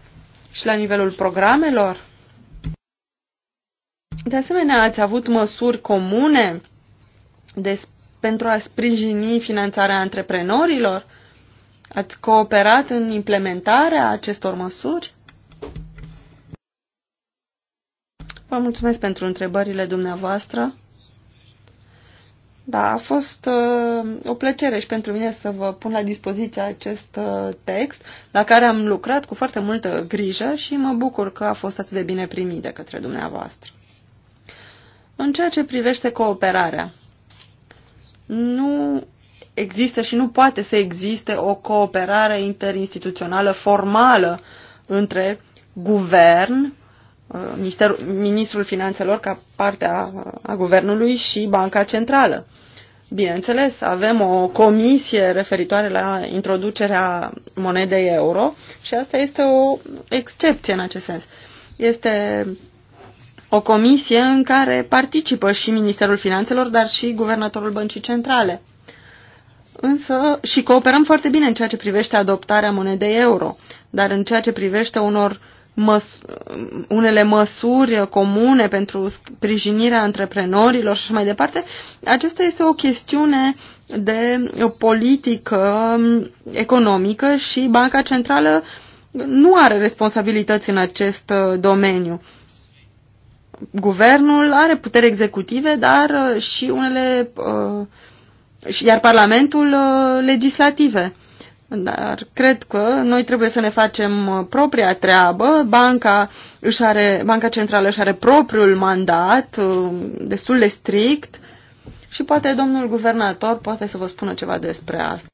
și la nivelul programelor? De asemenea, ați avut măsuri comune de, pentru a sprijini finanțarea antreprenorilor? Ați cooperat în implementarea acestor măsuri? Vă mulțumesc pentru întrebările dumneavoastră. Da, a fost uh, o plăcere și pentru mine să vă pun la dispoziție acest uh, text, la care am lucrat cu foarte multă grijă și mă bucur că a fost atât de bine primit de către dumneavoastră. În ceea ce privește cooperarea, nu există și nu poate să existe o cooperare interinstituțională formală între guvern, Uh, Ministerul, Ministrul Finanțelor ca parte a, a Guvernului și Banca Centrală. Bineînțeles, avem o comisie referitoare la introducerea monedei euro și asta este o excepție în acest sens. Este o comisie în care participă și Ministerul Finanțelor, dar și Guvernatorul Băncii Centrale. Însă, și cooperăm foarte bine în ceea ce privește adoptarea monedei euro, dar în ceea ce privește unor uh, măs unele măsuri comune pentru sprijinirea antreprenorilor și așa mai departe, aceasta este o chestiune de politică economică și Banca Centrală nu are responsabilități în acest uh, domeniu. Guvernul are puteri executive, dar uh, și unele. Uh, iar Parlamentul legislative dar cred că noi trebuie să ne facem uh, propria treabă. Banca, își are, Banca Centrală își are propriul mandat, uh, destul de strict, și poate domnul guvernator poate să vă spună ceva despre asta.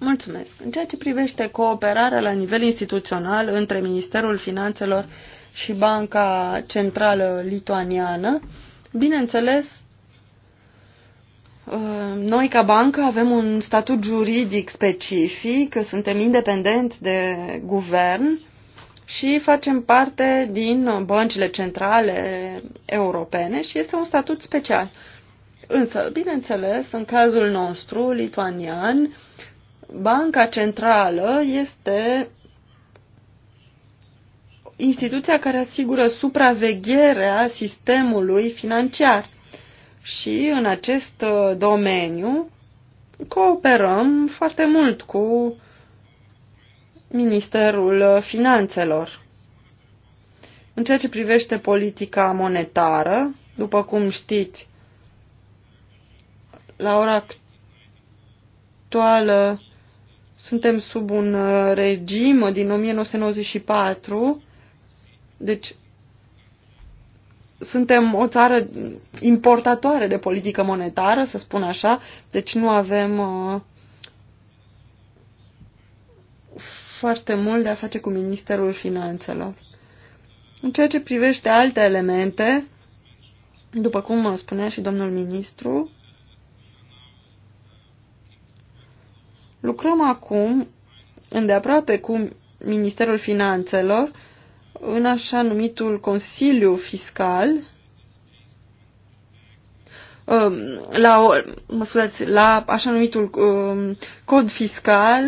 Mulțumesc. În ceea ce privește cooperarea la nivel instituțional între Ministerul Finanțelor și Banca Centrală Lituaniană, bineînțeles, Uh, noi, ca bancă, avem un statut juridic specific, suntem independenți de guvern și facem parte din băncile centrale europene și este un statut special. Însă, bineînțeles, în cazul nostru, lituanian, Banca Centrală este instituția care asigură supravegherea sistemului financiar. Și în acest uh, domeniu cooperăm foarte mult cu Ministerul Finanțelor. În ceea ce privește politica monetară, după cum știți, la ora actuală suntem sub un uh, regim din 1994, deci suntem o țară importatoare de politică monetară, să spun așa, deci nu avem uh, foarte mult de a face cu Ministerul Finanțelor. În ceea ce privește alte elemente, după cum spunea și domnul ministru, lucrăm acum îndeaproape cu Ministerul Finanțelor în așa numitul Consiliu Fiscal, um, la, mă scuzați, la așa numitul um, cod fiscal,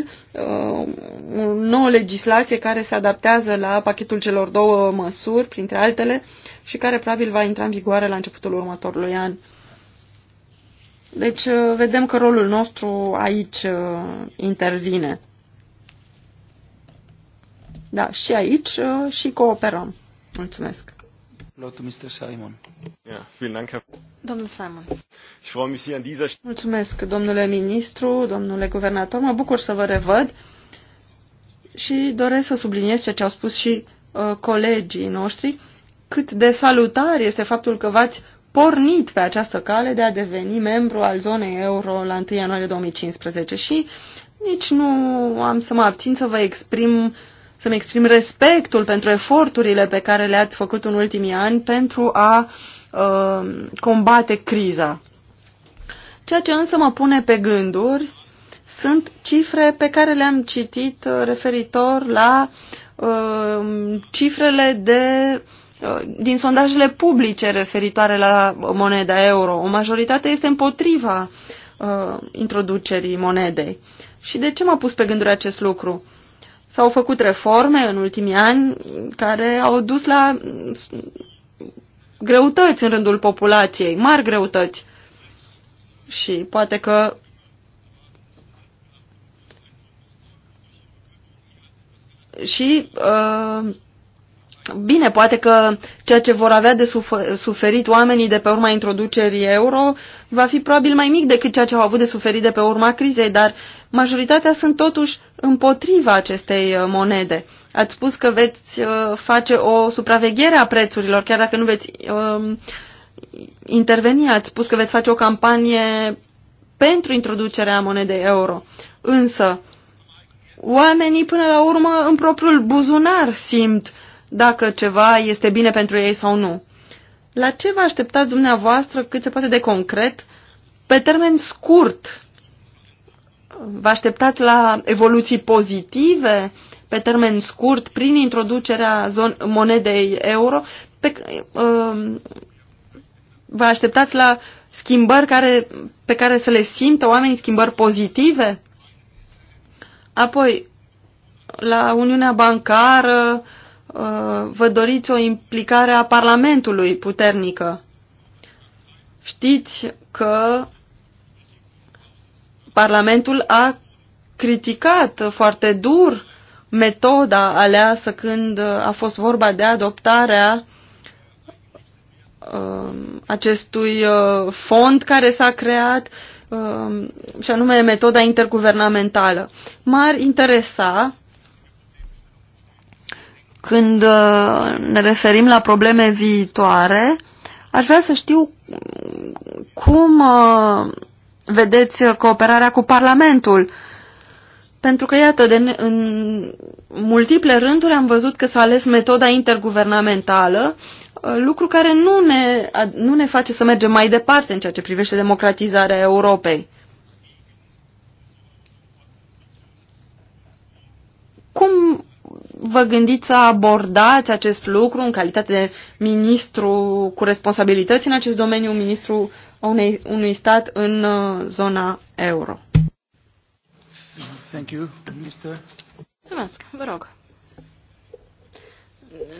um, o nouă legislație care se adaptează la pachetul celor două măsuri, printre altele, și care probabil va intra în vigoare la începutul următorului an. Deci uh, vedem că rolul nostru aici uh, intervine. Da, și aici uh, și cooperăm. Mulțumesc. Mr. Simon. vielen Dank, Domnul Simon. Ich freue mich an dieser Mulțumesc, domnule ministru, domnule guvernator. Mă bucur să vă revăd și doresc să subliniez ceea ce au spus și uh, colegii noștri, cât de salutar este faptul că v-ați pornit pe această cale de a deveni membru al zonei euro la 1 ianuarie 2015 și nici nu am să mă abțin să vă exprim să-mi exprim respectul pentru eforturile pe care le-ați făcut în ultimii ani pentru a uh, combate criza. Ceea ce însă mă pune pe gânduri sunt cifre pe care le-am citit uh, referitor la uh, cifrele de uh, din sondajele publice referitoare la moneda euro. O majoritate este împotriva uh, introducerii monedei. Și de ce m-a pus pe gânduri acest lucru? S-au făcut reforme în ultimii ani care au dus la greutăți în rândul populației, mari greutăți. Și poate că și uh, Bine, poate că ceea ce vor avea de suferit oamenii de pe urma introducerii euro va fi probabil mai mic decât ceea ce au avut de suferit de pe urma crizei, dar majoritatea sunt totuși împotriva acestei uh, monede. Ați spus că veți uh, face o supraveghere a prețurilor, chiar dacă nu veți um, interveni, ați spus că veți face o campanie pentru introducerea monedei euro. Însă, oamenii până la urmă în propriul buzunar simt uh, dacă ceva este bine pentru ei sau nu. La ce vă așteptați dumneavoastră cât se poate de concret pe termen scurt? Vă așteptați la evoluții pozitive pe termen scurt prin introducerea zon monedei euro? Pe, uh, vă așteptați la schimbări care, pe care să le simtă oamenii, schimbări pozitive? Apoi, la Uniunea Bancară, uh, Uh, vă doriți o implicare a Parlamentului puternică. Știți că Parlamentul a criticat foarte dur metoda aleasă când a fost vorba de adoptarea um, acestui uh, fond care s-a creat um, și anume metoda interguvernamentală. M-ar interesa când uh, ne referim la probleme viitoare, aș vrea să știu cum uh, vedeți cooperarea cu Parlamentul. Pentru că, iată, de, în multiple rânduri am văzut că s-a ales metoda interguvernamentală, uh, lucru care nu ne, nu ne face să mergem mai departe în ceea ce privește democratizarea Europei. Cum vă gândiți să abordați acest lucru în calitate de ministru cu responsabilități în acest domeniu, un ministru unei, unui stat în uh, zona euro? Thank you, minister. Mulțumesc, vă rog.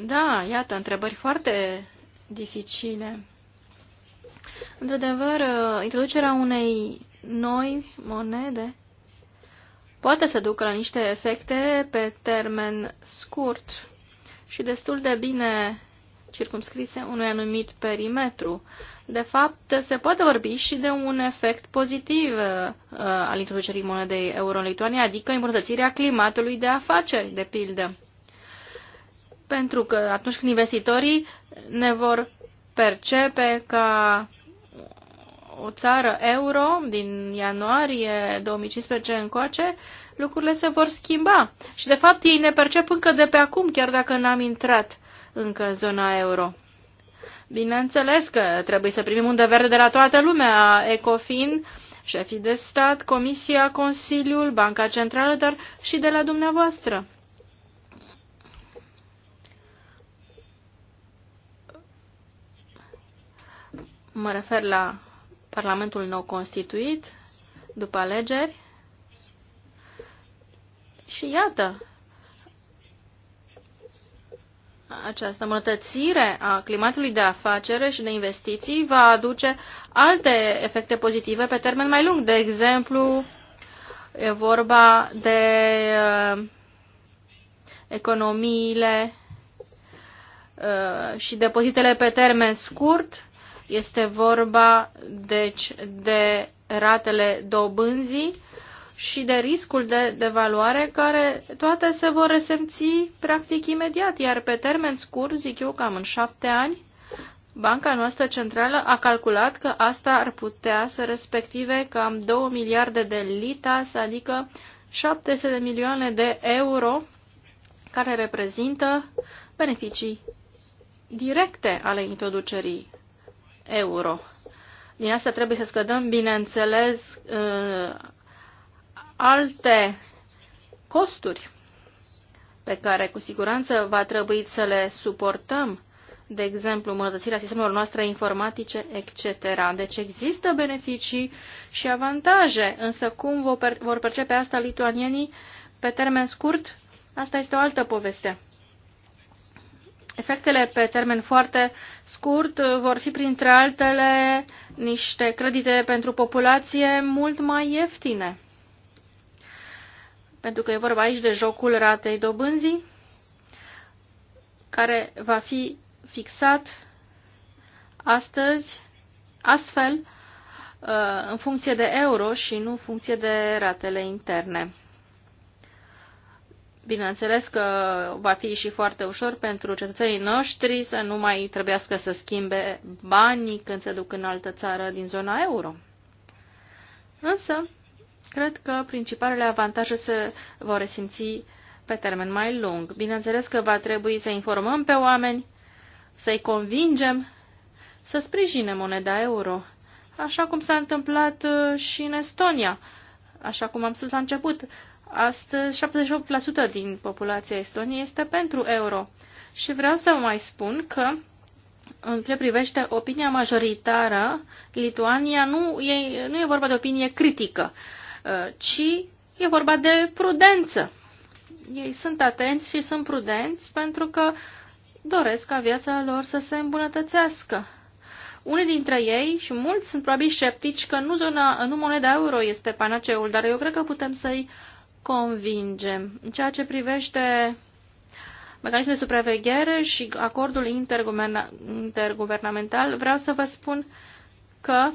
Da, iată, întrebări foarte dificile. Într-adevăr, uh, introducerea unei noi monede poate să ducă la niște efecte pe termen scurt și destul de bine circumscrise unui anumit perimetru. De fapt, se poate vorbi și de un efect pozitiv uh, al introducerii monedei euro în Lituania, adică îmbunătățirea climatului de afaceri, de pildă. Pentru că atunci când investitorii ne vor percepe ca o țară euro din ianuarie 2015 încoace, lucrurile se vor schimba. Și de fapt ei ne percep încă de pe acum, chiar dacă n-am intrat încă în zona euro. Bineînțeles că trebuie să primim de verde de la toată lumea, ECOFIN, șefii de stat, Comisia, Consiliul, Banca Centrală, dar și de la dumneavoastră. Mă refer la Parlamentul nou constituit, după alegeri. Și iată, această îmbunătățire a climatului de afacere și de investiții va aduce alte efecte pozitive pe termen mai lung. De exemplu, e vorba de uh, economiile uh, și depozitele pe termen scurt este vorba deci de ratele dobânzii și de riscul de devaluare care toate se vor resemți practic imediat, iar pe termen scurt, zic eu cam în șapte ani, Banca noastră centrală a calculat că asta ar putea să respective cam 2 miliarde de litas, adică 700 de milioane de euro, care reprezintă beneficii directe ale introducerii euro. Din asta trebuie să scădăm, bineînțeles, uh, alte costuri pe care cu siguranță va trebui să le suportăm, de exemplu, îmbunătățirea sistemelor noastre informatice, etc. Deci există beneficii și avantaje, însă cum vor percepe asta lituanienii pe termen scurt, asta este o altă poveste. Efectele pe termen foarte scurt vor fi, printre altele, niște credite pentru populație mult mai ieftine. Pentru că e vorba aici de jocul ratei dobânzii, care va fi fixat astăzi, astfel, uh, în funcție de euro și nu în funcție de ratele interne. Bineînțeles că va fi și foarte ușor pentru cetățenii noștri să nu mai trebuiască să schimbe banii când se duc în altă țară din zona euro. Însă, cred că principalele avantaje se vor resimți pe termen mai lung. Bineînțeles că va trebui să informăm pe oameni, să-i convingem să sprijine moneda euro, așa cum s-a întâmplat uh, și în Estonia, așa cum am spus la început Astăzi, 78% din populația Estoniei este pentru euro. Și vreau să mai spun că, în ce privește opinia majoritară, Lituania nu e, nu e vorba de opinie critică, uh, ci e vorba de prudență. Ei sunt atenți și sunt prudenți pentru că doresc ca viața lor să se îmbunătățească. Unii dintre ei și mulți sunt probabil sceptici că nu, zona, nu moneda euro este panaceul, dar eu cred că putem să-i convingem. În ceea ce privește mecanismul de supraveghere și acordul interguverna interguvernamental, vreau să vă spun că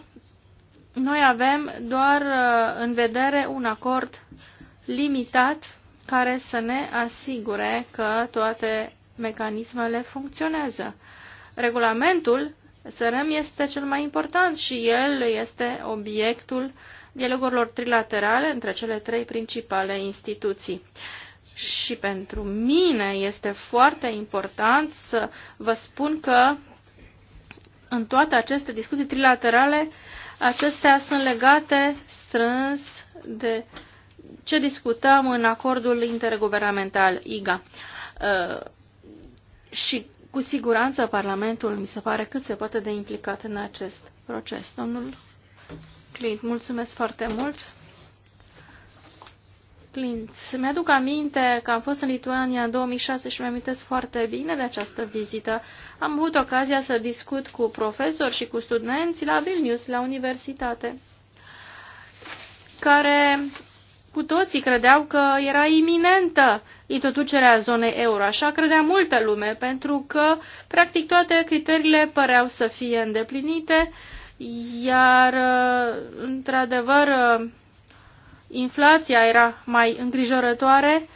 noi avem doar uh, în vedere un acord limitat care să ne asigure că toate mecanismele funcționează. Regulamentul SRM este cel mai important și el este obiectul uh, dialogurilor trilaterale între cele trei principale instituții. Și pentru mine este foarte important să vă spun că în toate aceste discuții trilaterale, acestea sunt legate strâns de ce discutăm în acordul interguvernamental IGA. Uh, și cu siguranță Parlamentul mi se pare cât se poate de implicat în acest proces. Domnul Clint, mulțumesc foarte mult. Clint, mi-aduc aminte că am fost în Lituania în 2006 și mi-amintesc foarte bine de această vizită. Am avut ocazia să discut cu profesori și cu studenți la Vilnius, la universitate, care cu toții credeau că era iminentă introducerea zonei euro. Așa credea multă lume, pentru că practic toate criteriile păreau să fie îndeplinite. Uh, iar, uh, într-adevăr, uh, inflația era mai îngrijorătoare,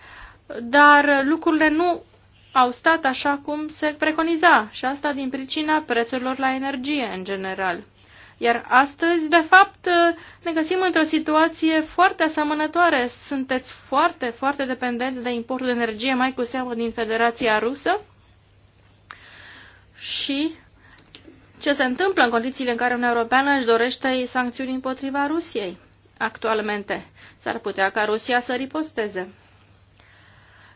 dar lucrurile nu au stat așa cum se preconiza și asta din pricina prețurilor la energie în general. Iar astăzi, de fapt, uh, ne găsim într-o situație foarte asemănătoare. Sunteți foarte, foarte dependenți de importul de energie, mai cu seamă din Federația Rusă. Și ce se întâmplă în condițiile în care Uniunea Europeană își dorește sancțiuni împotriva Rusiei actualmente. S-ar putea ca Rusia să riposteze.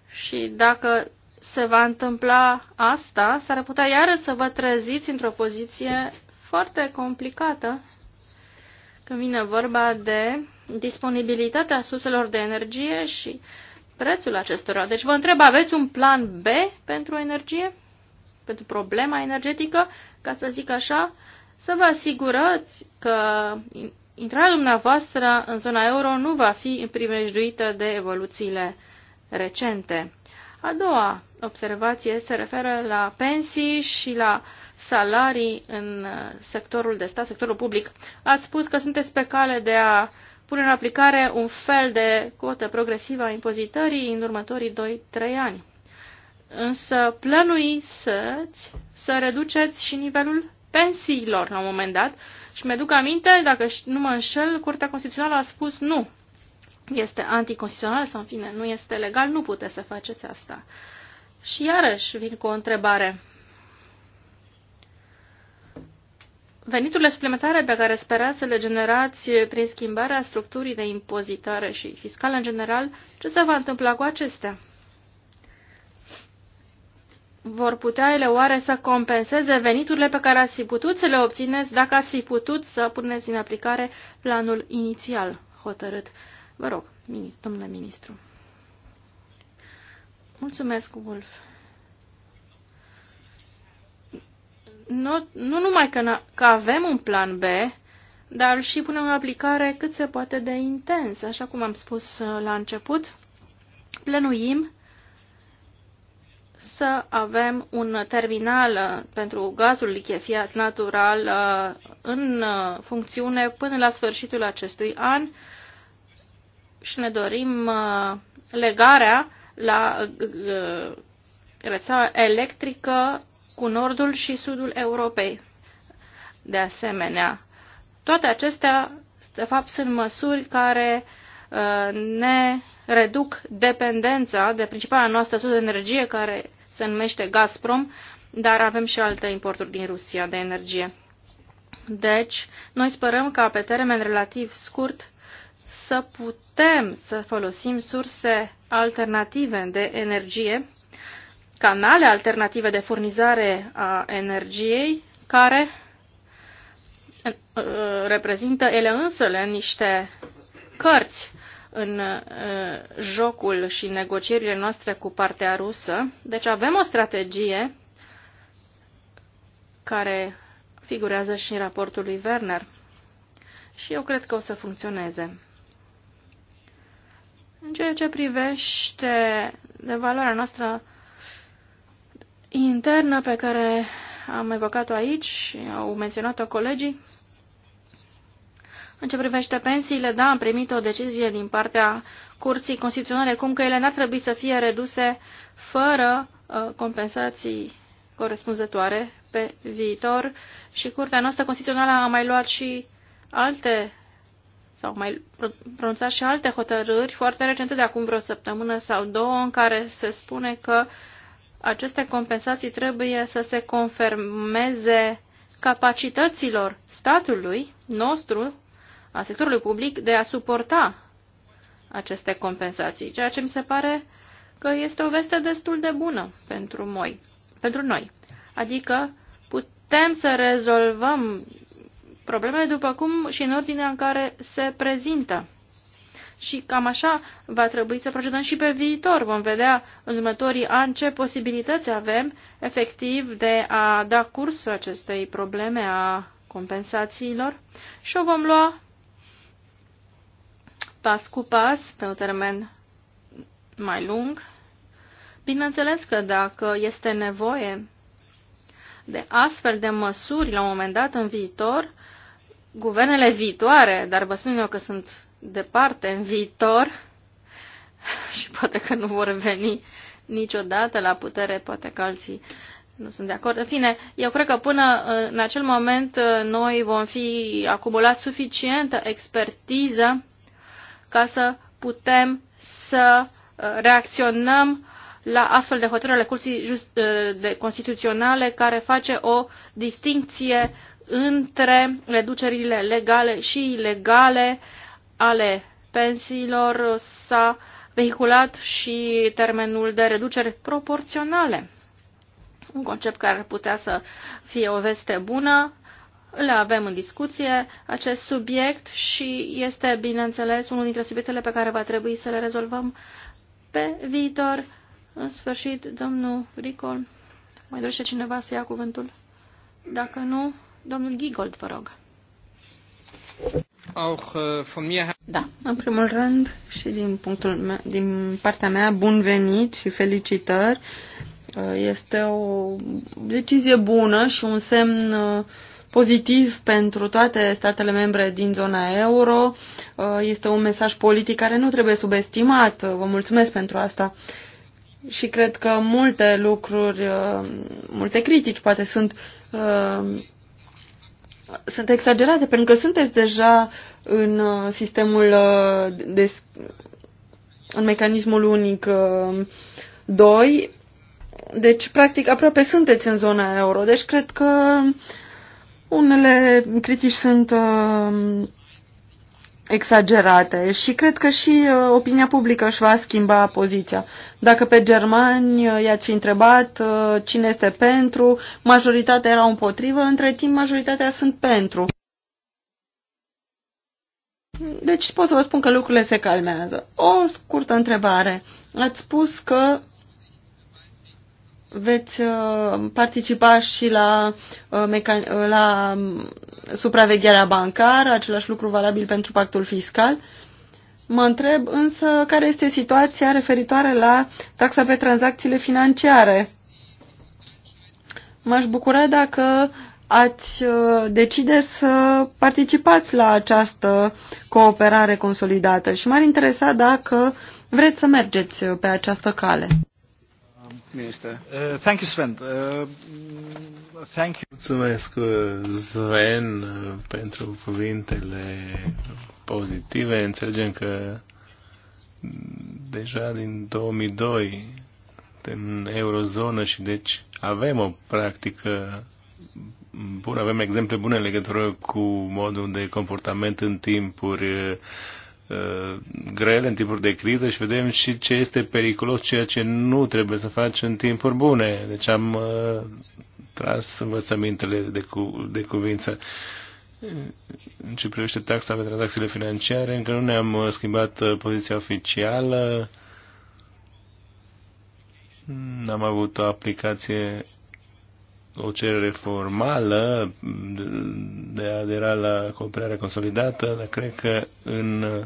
Și dacă se va întâmpla asta, s-ar putea iarăși să vă treziți într-o poziție foarte complicată când vine vorba de disponibilitatea surselor de energie și prețul acestora. Deci vă întreb, aveți un plan B pentru energie? pentru problema energetică, ca să zic așa, să vă asigurați că intrarea dumneavoastră în zona euro nu va fi primejduită de evoluțiile recente. A doua observație se referă la pensii și la salarii în sectorul de stat, sectorul public. Ați spus că sunteți pe cale de a pune în aplicare un fel de cotă progresivă a impozitării în următorii 2-3 ani însă plănuiți să reduceți și nivelul pensiilor la un moment dat și mi-aduc aminte, dacă nu mă înșel, Curtea Constituțională a spus nu. Este anticonstituțional sau, în fine, nu este legal, nu puteți să faceți asta. Și iarăși vin cu o întrebare. Veniturile suplimentare pe care sperați să le generați prin schimbarea structurii de impozitare și fiscală în general, ce se va întâmpla cu acestea? vor putea ele oare să compenseze veniturile pe care ați fi putut să le obțineți dacă ați fi putut să puneți în aplicare planul inițial hotărât? Vă rog, domnule ministru. Mulțumesc, Wolf. Nu, nu numai că, că avem un plan B, dar și punem în aplicare cât se poate de intens, așa cum am spus uh, la început. Plănuim să avem un terminal pentru gazul lichefiat natural uh, în uh, funcțiune până la sfârșitul acestui an și ne dorim uh, legarea la rețeaua electrică cu nordul și sudul Europei. De asemenea, toate acestea, de fapt, sunt măsuri care ne reduc dependența de principala noastră sursă de energie, care se numește Gazprom, dar avem și alte importuri din Rusia de energie. Deci, noi sperăm ca pe termen relativ scurt să putem să folosim surse alternative de energie, canale alternative de furnizare a energiei, care uh, reprezintă ele însele niște cărți în uh, jocul și negocierile noastre cu partea rusă. Deci avem o strategie care figurează și în raportul lui Werner și eu cred că o să funcționeze. În ceea ce privește de valoarea noastră internă pe care am evocat-o aici și au menționat-o colegii, în ce privește pensiile, da, am primit o decizie din partea Curții Constituționale, cum că ele n-ar trebui să fie reduse fără uh, compensații corespunzătoare pe viitor și Curtea noastră Constituțională a mai luat și alte sau mai pronunțat și alte hotărâri foarte recente de acum vreo săptămână sau două în care se spune că aceste compensații trebuie să se confirmeze capacităților statului nostru a sectorului public de a suporta aceste compensații, ceea ce mi se pare că este o veste destul de bună pentru noi. Pentru noi. Adică putem să rezolvăm problemele după cum și în ordinea în care se prezintă. Și cam așa va trebui să procedăm și pe viitor. Vom vedea în următorii ani ce posibilități avem efectiv de a da curs acestei probleme a compensațiilor și o vom lua pas cu pas, pe un termen mai lung. Bineînțeles că dacă este nevoie de astfel de măsuri la un moment dat în viitor, guvernele viitoare, dar vă spun eu că sunt departe în viitor [LAUGHS] și poate că nu vor veni niciodată la putere, poate că alții nu sunt de acord. În fine, eu cred că până în acel moment noi vom fi acumulat suficientă expertiză ca să putem să uh, reacționăm la astfel de hotărâri ale Curții uh, de Constituționale care face o distinție între reducerile legale și ilegale ale pensiilor s-a vehiculat și termenul de reduceri proporționale. Un concept care ar putea să fie o veste bună, le avem în discuție acest subiect și este, bineînțeles, unul dintre subiectele pe care va trebui să le rezolvăm pe viitor. În sfârșit, domnul Ricol, mai dorește cineva să ia cuvântul? Dacă nu, domnul Gigold, vă rog. Uh, da, în primul rând și din, punctul meu, din partea mea, bun venit și felicitări. Uh, este o decizie bună și un semn uh, pozitiv pentru toate statele membre din zona euro. Uh, este un mesaj politic care nu trebuie subestimat. Uh, vă mulțumesc pentru asta. Și cred că multe lucruri, uh, multe critici poate sunt, sunt exagerate, pentru că sunteți deja în sistemul de, în mecanismul unic 2 deci, practic, aproape sunteți în zona euro. Deci, cred că unele critici sunt uh, exagerate și cred că și uh, opinia publică își va schimba poziția. Dacă pe germani uh, i-ați fi întrebat uh, cine este pentru, majoritatea erau împotrivă, între timp majoritatea sunt pentru. Deci pot să vă spun că lucrurile se calmează. O scurtă întrebare. Ați spus că veți uh, participa și la, uh, la um, supravegherea bancară, același lucru valabil pentru pactul fiscal. Mă întreb însă care este situația referitoare la taxa pe tranzacțiile financiare. M-aș bucura dacă ați uh, decide să participați la această cooperare consolidată și m-ar interesa dacă vreți să mergeți pe această cale. Minister. Uh, thank you, Sven. Uh, thank you. Mulțumesc, uh, Sven, uh, pentru cuvintele pozitive. Înțelegem că deja din 2002 în eurozonă și deci avem o practică bună, avem exemple bune în legătură cu modul de comportament în timpuri uh, Uh, grele în timpuri de criză și vedem și ce este periculos, ceea ce nu trebuie să faci în timpuri bune. Deci am uh, tras învățămintele de, cu, de cuvință. În ce privește taxa pe tranzacțiile financiare, încă nu ne-am uh, schimbat uh, poziția oficială. N-am avut o aplicație o cerere formală de a adera la cooperarea consolidată, dar cred că în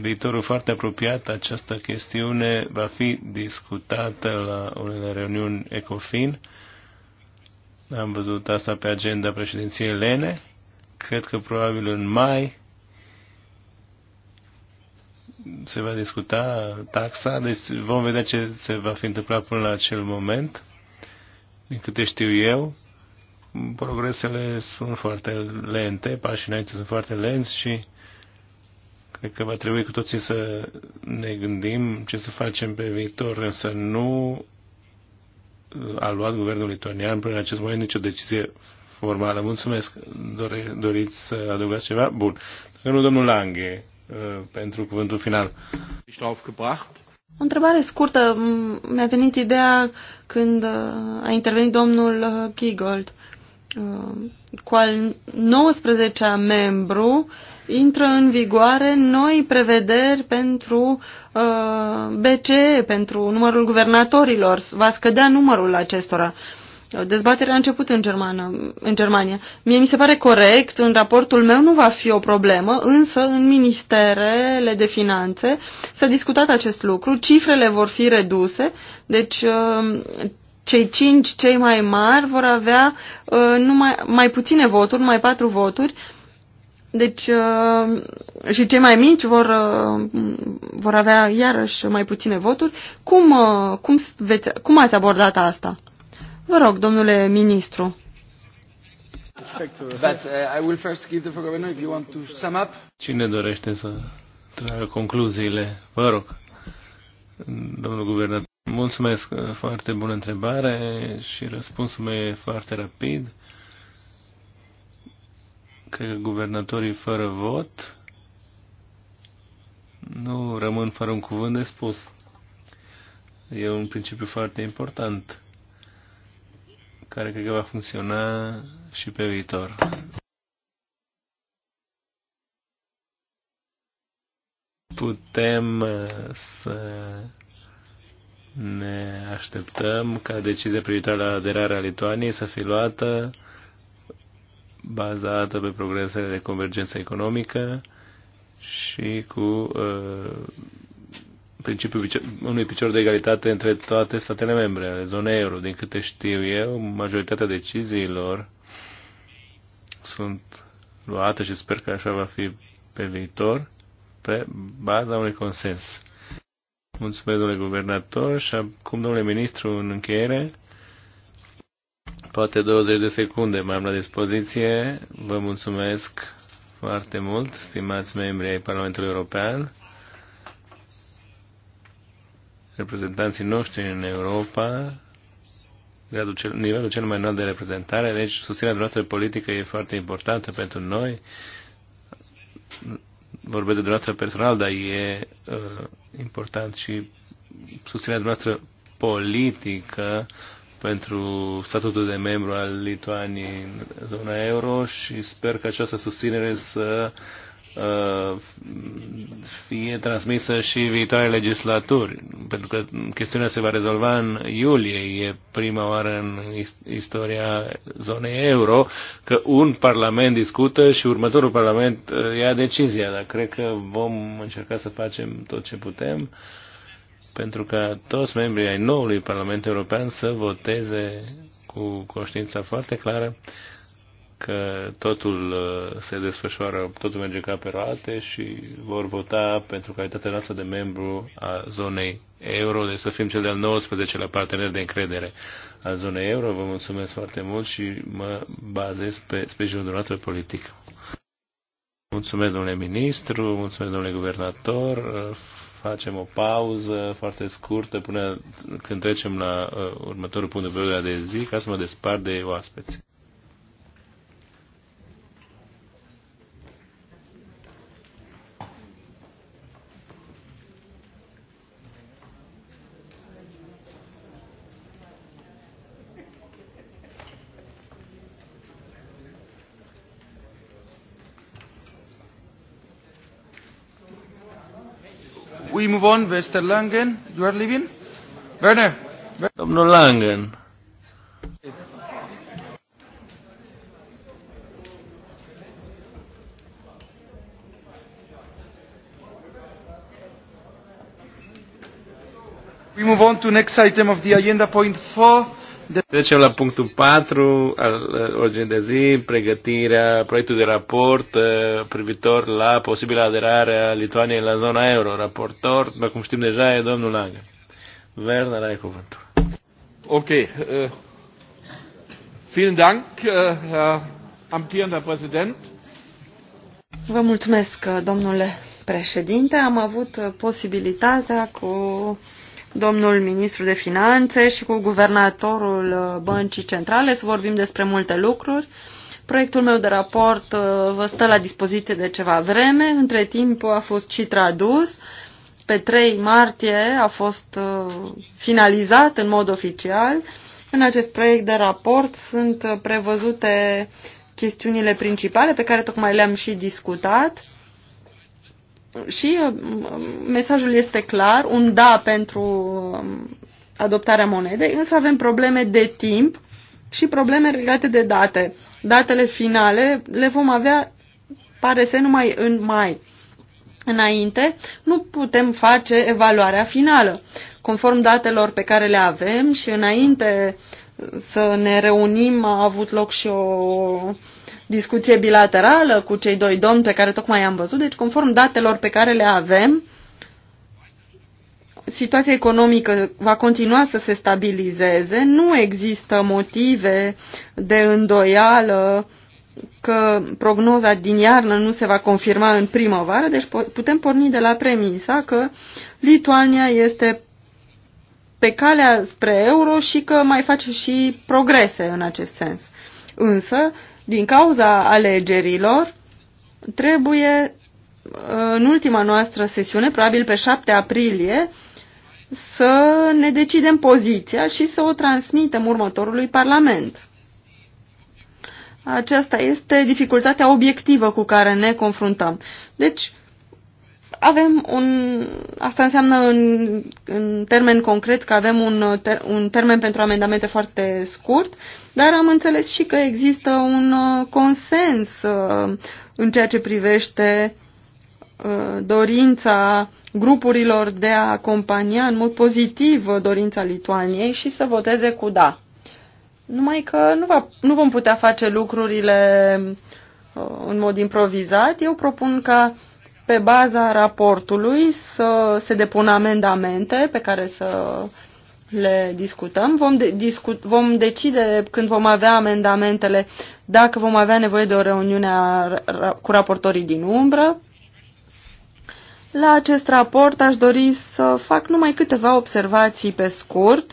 viitorul foarte apropiat această chestiune va fi discutată la unele reuniuni ECOFIN. Am văzut asta pe agenda președinției Lene Cred că probabil în mai se va discuta taxa, deci vom vedea ce se va fi întâmplat până la acel moment din câte știu eu, progresele sunt foarte lente, pașii înainte sunt foarte lenți și cred că va trebui cu toții să ne gândim ce să facem pe viitor, însă nu a luat guvernul lituanian până în acest moment nicio decizie formală. Mulțumesc. Dore, doriți să adăugați ceva? Bun. Dacă nu, domnul Lange, uh, pentru cuvântul final. O întrebare scurtă. Mi-a venit ideea când uh, a intervenit domnul uh, Gigold. Uh, cu al 19-a membru intră în vigoare noi prevederi pentru BCE, pentru numărul guvernatorilor. Va scădea numărul acestora. Dezbaterea a început în, Germană, în Germania. Mie mi se pare corect, în raportul meu nu va fi o problemă, însă în ministerele de finanțe s-a discutat acest lucru, cifrele vor fi reduse, deci uh, cei cinci, cei mai mari vor avea uh, numai, mai puține voturi, mai patru voturi, deci uh, și cei mai mici vor, vor avea iarăși mai puține voturi. Cum, cum, veți, cum ați abordat asta? Vă rog, domnule ministru. But uh, I will first give the governor if you want to sum up. Cine dorește să tragă concluziile? Vă rog. Domnul guvernator, mulțumesc, uh, foarte bună întrebare și răspunsul meu e foarte rapid. Cred că guvernatorii fără vot nu rămân fără un cuvânt de spus. E un principiu foarte important care cred că va funcționa și pe viitor. Putem uh, să ne așteptăm ca decizia privitoare la aderarea Lituaniei să fie luată bazată pe progresele de convergență economică și cu uh, principiul unui picior de egalitate între toate statele membre ale zonei euro. Din câte știu eu, majoritatea deciziilor sunt luate și sper că așa va fi pe viitor, pe baza unui consens. Mulțumesc, domnule guvernator, și acum, domnule ministru, în încheiere, poate 20 de secunde mai am la dispoziție. Vă mulțumesc foarte mult, stimați membri ai Parlamentului European reprezentanții noștri în Europa, gradul cel, nivelul cel mai înalt de reprezentare, deci susținerea dumneavoastră politică e foarte importantă pentru noi. Vorbesc de dumneavoastră personal, dar e uh, important și susținerea dumneavoastră politică pentru statutul de membru al Lituaniei în zona euro și sper că această susținere să uh, Uh, fie transmisă și viitoare legislaturi, pentru că chestiunea se va rezolva în iulie. E prima oară în istoria zonei euro că un parlament discută și următorul parlament uh, ia decizia, dar cred că vom încerca să facem tot ce putem pentru ca toți membrii ai noului Parlament European să voteze cu conștiința foarte clară că totul uh, se desfășoară, totul merge ca pe roate și vor vota pentru calitatea noastră de membru a zonei euro, de deci să fim cel de-al 19-lea partener de încredere a zonei euro. Vă mulțumesc foarte mult și mă bazez pe sprijinul dumneavoastră politic. Mulțumesc, domnule ministru, mulțumesc, domnule guvernator. Uh, facem o pauză foarte scurtă până când trecem la uh, următorul punct de vedere de zi ca să mă despart de oaspeți. we move on? Mr. Langen, you are leaving? Werner? Domnul Langen. We move on to next item of the agenda, point four. Trecem la punctul 4 al uh, ordinii de zi, pregătirea proiectului de raport uh, privitor la posibilă aderare a Lituaniei la zona euro. Raportor, după cum știm deja, e domnul Lange. Werner, ai cuvântul. Ok. Uh, vielen Dank, uh, amtierender Präsident. Vă mulțumesc, domnule președinte. Am avut posibilitatea cu domnul ministru de finanțe și cu guvernatorul uh, băncii centrale să vorbim despre multe lucruri. Proiectul meu de raport uh, vă stă la dispoziție de ceva vreme, între timp a fost și tradus. Pe 3 martie a fost uh, finalizat în mod oficial. În acest proiect de raport sunt prevăzute chestiunile principale pe care tocmai le-am și discutat și uh, mesajul este clar, un da pentru um, adoptarea monedei, însă avem probleme de timp și probleme legate de date. Datele finale le vom avea, pare să numai în mai. Înainte, nu putem face evaluarea finală. Conform datelor pe care le avem și înainte să ne reunim, a avut loc și o discuție bilaterală cu cei doi domni pe care tocmai am văzut, deci conform datelor pe care le avem, situația economică va continua să se stabilizeze, nu există motive de îndoială că prognoza din iarnă nu se va confirma în primăvară, deci putem porni de la premisa că Lituania este pe calea spre euro și că mai face și progrese în acest sens. Însă, din cauza alegerilor, trebuie uh, în ultima noastră sesiune, probabil pe 7 aprilie, să ne decidem poziția și să o transmitem următorului Parlament. Aceasta este dificultatea obiectivă cu care ne confruntăm. Deci, avem un, asta înseamnă în, în termen concret că avem un, ter, un termen pentru amendamente foarte scurt, dar am înțeles și că există un uh, consens uh, în ceea ce privește uh, dorința grupurilor de a acompania în mod pozitiv dorința Lituaniei și să voteze cu da. Numai că nu, va, nu vom putea face lucrurile în mod improvizat. Eu propun ca pe baza raportului să se depună amendamente pe care să le discutăm. Vom, de, discut, vom decide când vom avea amendamentele dacă vom avea nevoie de o reuniune a, ra, cu raportorii din umbră. La acest raport aș dori să fac numai câteva observații pe scurt.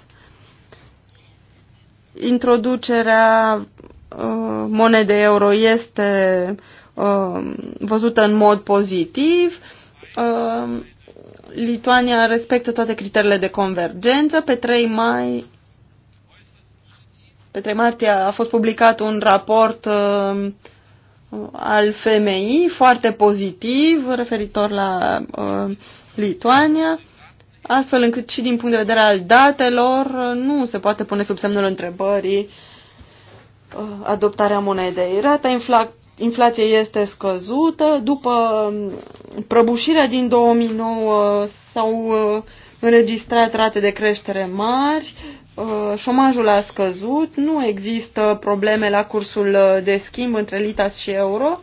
Introducerea uh, monedei euro este uh, Um, văzută în mod pozitiv. Um, Lituania respectă toate criteriile de convergență. Pe 3 mai pe 3 martie a fost publicat un raport uh, al FMI foarte pozitiv referitor la uh, Lituania, astfel încât și din punct de vedere al datelor nu se poate pune sub semnul întrebării uh, adoptarea monedei. Rata infla inflația este scăzută. După prăbușirea din 2009 s-au uh, înregistrat rate de creștere mari, uh, șomajul a scăzut, nu există probleme la cursul uh, de schimb între litas și euro,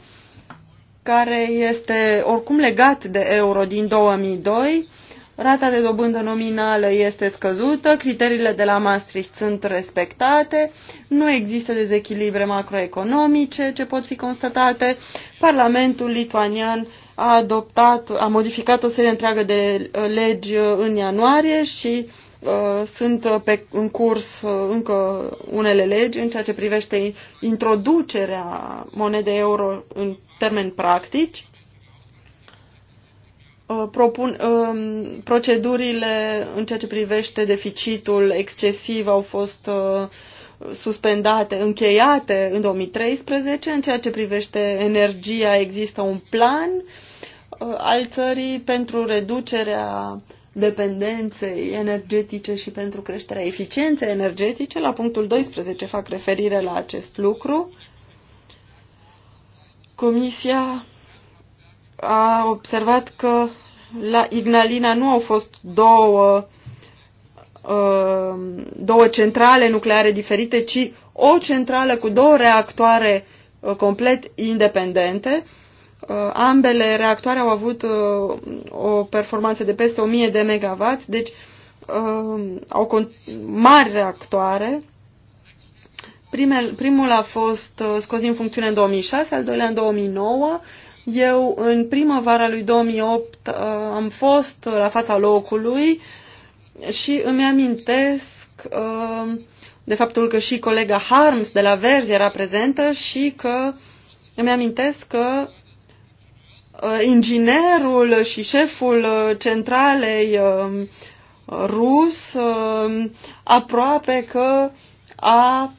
care este oricum legat de euro din 2002 rata de dobândă nominală este scăzută, criteriile de la Maastricht sunt respectate, nu există dezechilibre macroeconomice ce pot fi constatate, Parlamentul lituanian a adoptat, a modificat o serie întreagă de uh, legi uh, în ianuarie și uh, sunt uh, pe, în curs uh, încă unele legi în ceea ce privește introducerea monedei euro în termeni practici Uh, propun, um, procedurile în ceea ce privește deficitul excesiv au fost uh, suspendate, încheiate în 2013. În ceea ce privește energia există un plan uh, al țării pentru reducerea dependenței energetice și pentru creșterea eficienței energetice. La punctul 12 fac referire la acest lucru. Comisia a observat că la Ignalina nu au fost două, uh, două centrale nucleare diferite, ci o centrală cu două reactoare uh, complet independente. Uh, ambele reactoare au avut o performanță de peste 1000 de megawatt, deci au mari reactoare. primul a fost scos din funcțiune în 2006, al doilea în 2009 eu, în primăvara lui 2008, uh, am fost la fața locului și îmi amintesc uh, de faptul că și colega Harms de la Verzi era prezentă și că îmi amintesc că uh, inginerul și șeful centralei um, rus um, aproape că a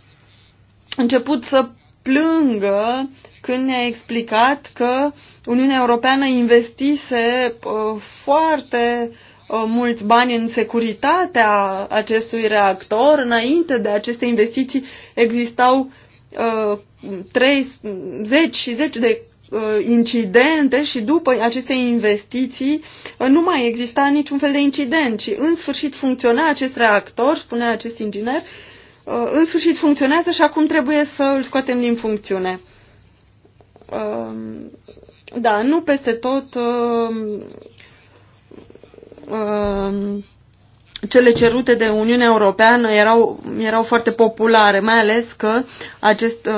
început să plângă când ne-a explicat că Uniunea Europeană investise uh, foarte uh, mulți bani în securitatea acestui reactor. Înainte de aceste investiții existau uh, trei, zeci și zeci de incidente și după aceste investiții nu mai exista niciun fel de incident și în sfârșit funcționa acest reactor, spunea acest inginer, în sfârșit funcționează și acum trebuie să îl scoatem din funcțiune. Um, da, nu peste tot um, um, cele cerute de Uniunea Europeană erau, erau foarte populare, mai ales că acest,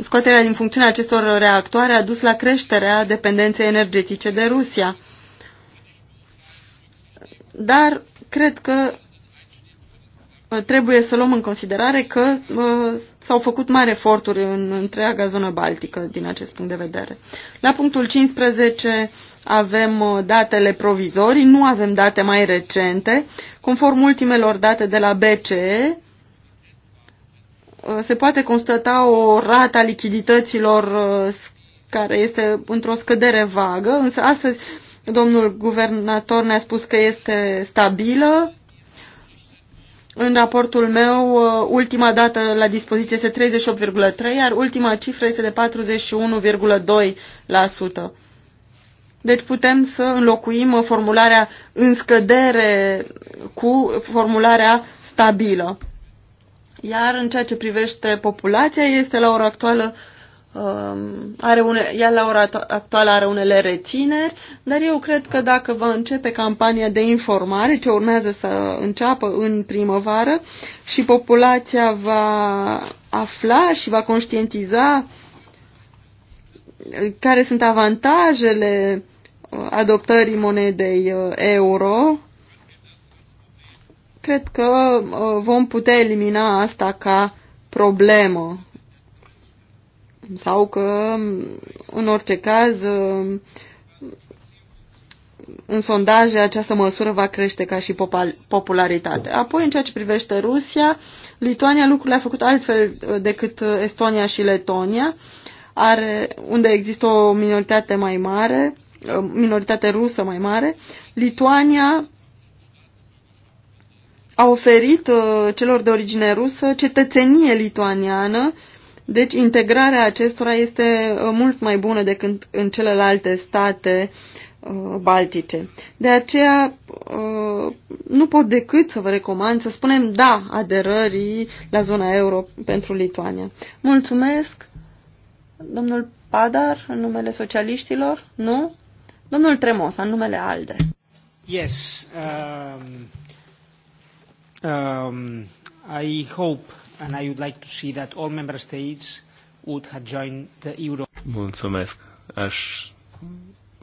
scoaterea din funcțiune acestor reactoare a dus la creșterea dependenței energetice de Rusia. Dar cred că Uh, trebuie să luăm în considerare că uh, s-au făcut mari eforturi în întreaga zonă baltică din acest punct de vedere. La punctul 15 avem uh, datele provizorii, nu avem date mai recente. Conform ultimelor date de la BCE, se poate constata o rată a lichidităților care este într-o scădere vagă, însă astăzi domnul guvernator ne-a spus că este stabilă, în raportul meu, uh, ultima dată la dispoziție este 38,3, iar ultima cifră este de 41,2%. Deci putem să înlocuim uh, formularea în scădere cu formularea stabilă. Iar în ceea ce privește populația, este la ora actuală Um, are une, ea la ora actuală are unele rețineri, dar eu cred că dacă va începe campania de informare, ce urmează să înceapă în primăvară, și populația va afla și va conștientiza uh, care sunt avantajele uh, adoptării monedei uh, euro, cred că vom putea elimina asta ca problemă sau că, în orice caz, în sondaje această măsură va crește ca și popularitate. Apoi, în ceea ce privește Rusia, Lituania lucrurile a făcut altfel uh, decât uh, Estonia și Letonia, are, unde există o minoritate mai mare, uh, minoritate rusă mai mare. Lituania a oferit celor de origine rusă cetățenie lituaniană deci integrarea acestora este uh, mult mai bună decât în celelalte state uh, baltice. De aceea uh, nu pot decât să vă recomand să spunem da aderării la zona euro pentru Lituania. Mulțumesc! Domnul Padar, în numele socialiștilor? Nu? Domnul Tremos, în numele ALDE. Yes. Um, um, I hope and I would like to see that all member states would have joined the euro. Mulțumesc. Aș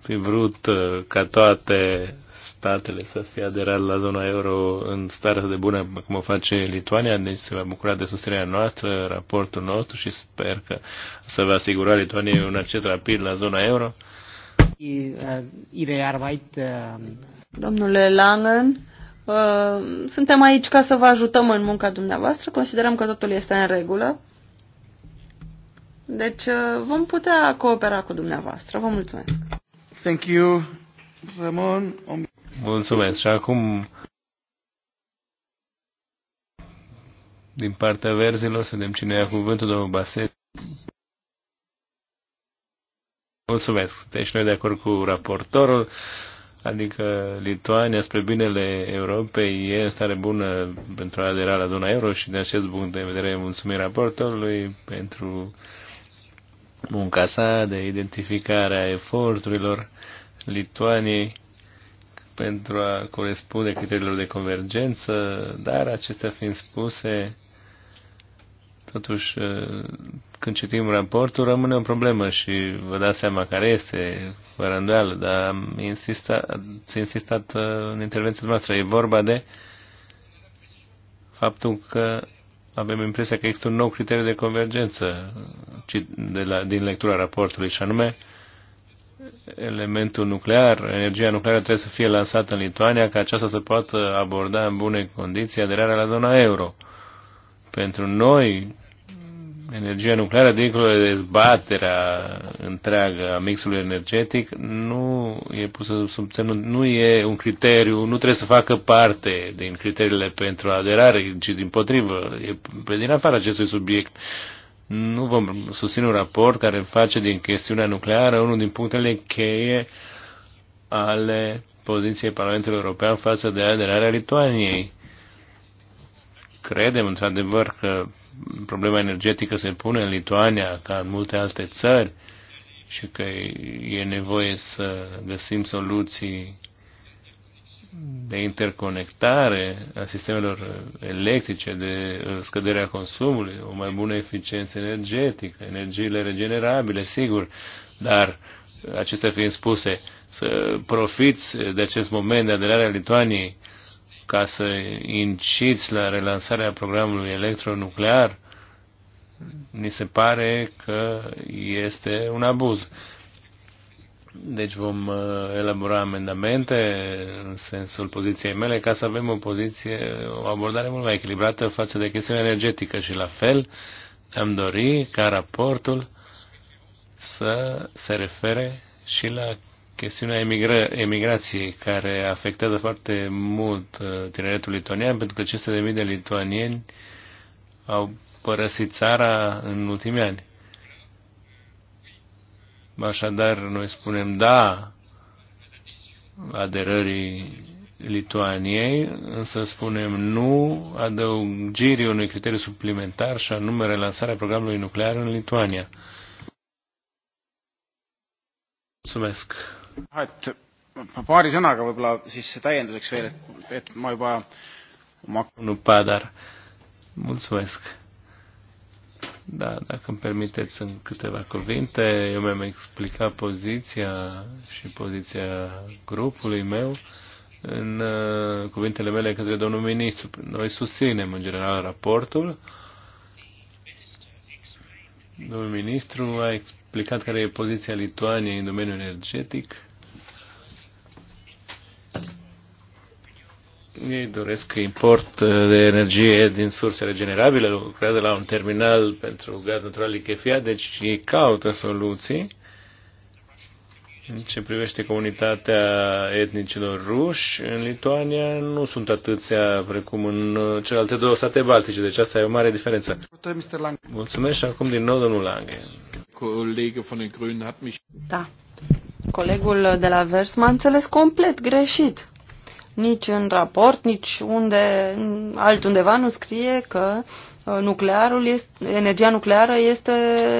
fi vrut uh, ca toate statele să fie aderate la zona euro în stare de bună, cum o face Lituania, deci se va bucura de susținerea noastră, raportul nostru și sper că să va asigura Lituania un acces rapid la zona euro. Uh, uh, Domnule Langen, Uh, suntem aici ca să vă ajutăm în munca dumneavoastră, considerăm că totul este în regulă. Deci uh, vom putea coopera cu dumneavoastră. Vă mulțumesc. Thank you, Ramon. Mulțumesc. Și acum, din partea verzilor, să vedem cine ia cuvântul, domnul Baset. Mulțumesc. Deci noi de acord cu raportorul adică Lituania spre binele Europei e în stare bună pentru a adera la zona euro și de acest punct de vedere mulțumim raportorului pentru munca sa de identificare a eforturilor Lituaniei pentru a corespunde criteriilor de convergență, dar acestea fiind spuse, totuși, când citim raportul, rămâne o problemă și vă dați seama care este fără îndoială, dar am insistat, insistat uh, în intervenția noastră. E vorba de faptul că avem impresia că există un nou criteriu de convergență de la, din lectura raportului, și anume elementul nuclear, energia nucleară trebuie să fie lansată în Lituania ca aceasta să poată aborda în bune condiții aderarea la zona euro. Pentru noi, energia nucleară, dincolo de dezbaterea întreagă a mixului energetic, nu e pusă sub semnul, nu e un criteriu, nu trebuie să facă parte din criteriile pentru aderare, ci din potrivă, e pe din afara acestui subiect. Nu vom susține un raport care face din chestiunea nucleară unul din punctele cheie ale poziției Parlamentului European față de aderarea Lituaniei Credem, într-adevăr, că problema energetică se pune în Lituania, ca în multe alte țări, și că e nevoie să găsim soluții de interconectare a sistemelor electrice, de scăderea consumului, o mai bună eficiență energetică, energiile regenerabile, sigur, dar acestea fiind spuse, să profiți de acest moment de aderare a Lituaniei ca să inciți la relansarea programului electronuclear, ni se pare că este un abuz. Deci vom uh, elabora amendamente în sensul poziției mele ca să avem o poziție, o abordare mult mai echilibrată față de chestiunea energetică și la fel am dori ca raportul să se refere și la chestiunea emigra- emigrației, care afectează foarte mult uh, tineretul lituanian, pentru că 500.000 de lituanieni au părăsit țara în ultimii ani. Așadar, noi spunem da aderării Lituaniei, însă spunem nu adăugirii unui criteriu suplimentar și anume relansarea programului nuclear în Lituania. Mulțumesc! et paari sõnaga võib-olla siis täienduseks veel, et, et ma juba oma nu Padar, suvesk Da, dacă îmi permiteți în câteva cuvinte, eu mi-am explicat poziția și poziția grupului meu în uh, cuvintele mele către domnul ministru. Noi susținem în general raportul, uh, Domnul ministru a explicat care e poziția Lituaniei în domeniul energetic. Ei doresc import de energie din surse regenerabile, lucrează la un terminal pentru gaz natural lichefiat, deci ei caută soluții în ce privește comunitatea etnicilor ruși, în Lituania nu sunt atâția precum în celelalte două state baltice, deci asta e o mare diferență. Mulțumesc și acum din nou domnul Lange. Da. Colegul de la Vers m-a înțeles complet greșit. Nici în raport, nici unde, altundeva nu scrie că nuclearul este, energia nucleară este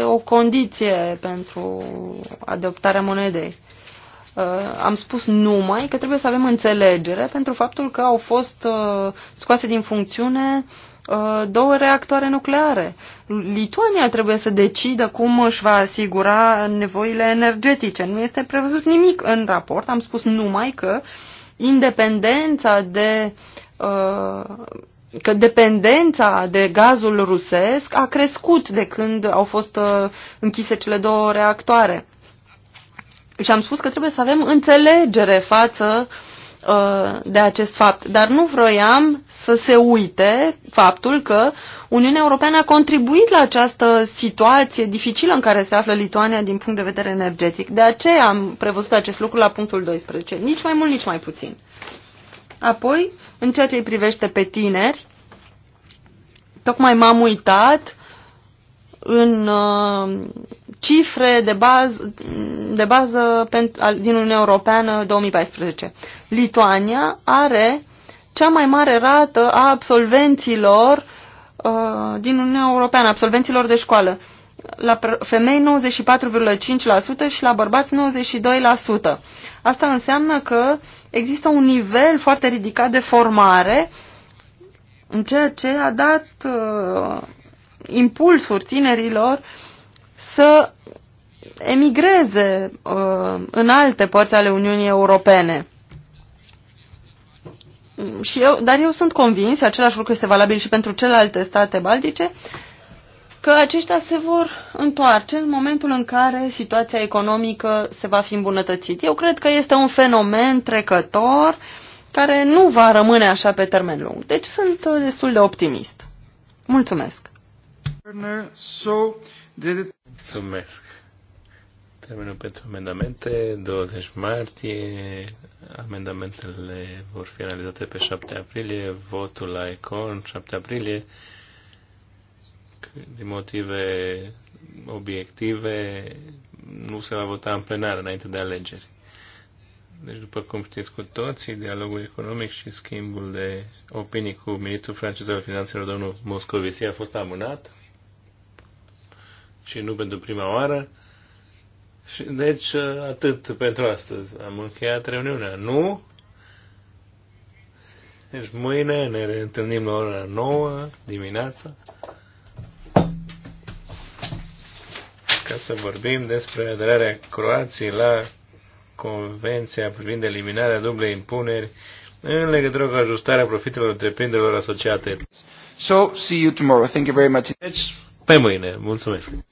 o condiție pentru adoptarea monedei. Uh, am spus numai că trebuie să avem înțelegere pentru faptul că au fost uh, scoase din funcțiune uh, două reactoare nucleare. Lituania trebuie să decidă cum își va asigura nevoile energetice. Nu este prevăzut nimic în raport. Am spus numai că independența de uh, că dependența de gazul rusesc a crescut de când au fost uh, închise cele două reactoare. Și am spus că trebuie să avem înțelegere față uh, de acest fapt. Dar nu vroiam să se uite faptul că Uniunea Europeană a contribuit la această situație dificilă în care se află Lituania din punct de vedere energetic. De aceea am prevăzut acest lucru la punctul 12. Nici mai mult, nici mai puțin. Apoi, în ceea ce îi privește pe tineri, tocmai m-am uitat în uh, cifre de bază, de bază pentru, al, din Uniunea Europeană 2014. Lituania are cea mai mare rată a absolvenților uh, din Uniunea Europeană, absolvenților de școală. Uh, la femei 94,5% și la bărbați 92%. Asta înseamnă că există un nivel foarte ridicat de formare în ceea ce a dat uh, impulsuri tinerilor să emigreze uh, în alte părți ale Uniunii Europene. Și eu, dar eu sunt convins, același lucru este valabil și pentru celelalte state baltice, uh, că aceștia se vor întoarce în momentul în care situația economică se va fi îmbunătățit. Eu cred că este un fenomen trecător care nu va rămâne așa pe termen lung. Deci sunt uh, destul de optimist. Mulțumesc! Mulțumesc! Termenul pentru amendamente, 20 martie, amendamentele vor fi analizate pe 7 aprilie, votul la ICON 7 aprilie, din motive obiective, nu se va vota în plenar înainte de alegeri. Deci, după cum știți cu toții, dialogul economic și schimbul de opinii cu ministrul francez al finanțelor, domnul Moscovici, a fost amânat și nu pentru prima oară. Și, deci, atât pentru astăzi. Am încheiat reuniunea. Nu? Deci mâine ne reîntâlnim la ora 9 dimineața. ca să vorbim despre aderarea Croației la Convenția privind eliminarea dublei impuneri în legătură cu ajustarea profitelor întreprinderilor asociate. So, see you tomorrow. Thank you very much. Deci, pe mâine. Mulțumesc.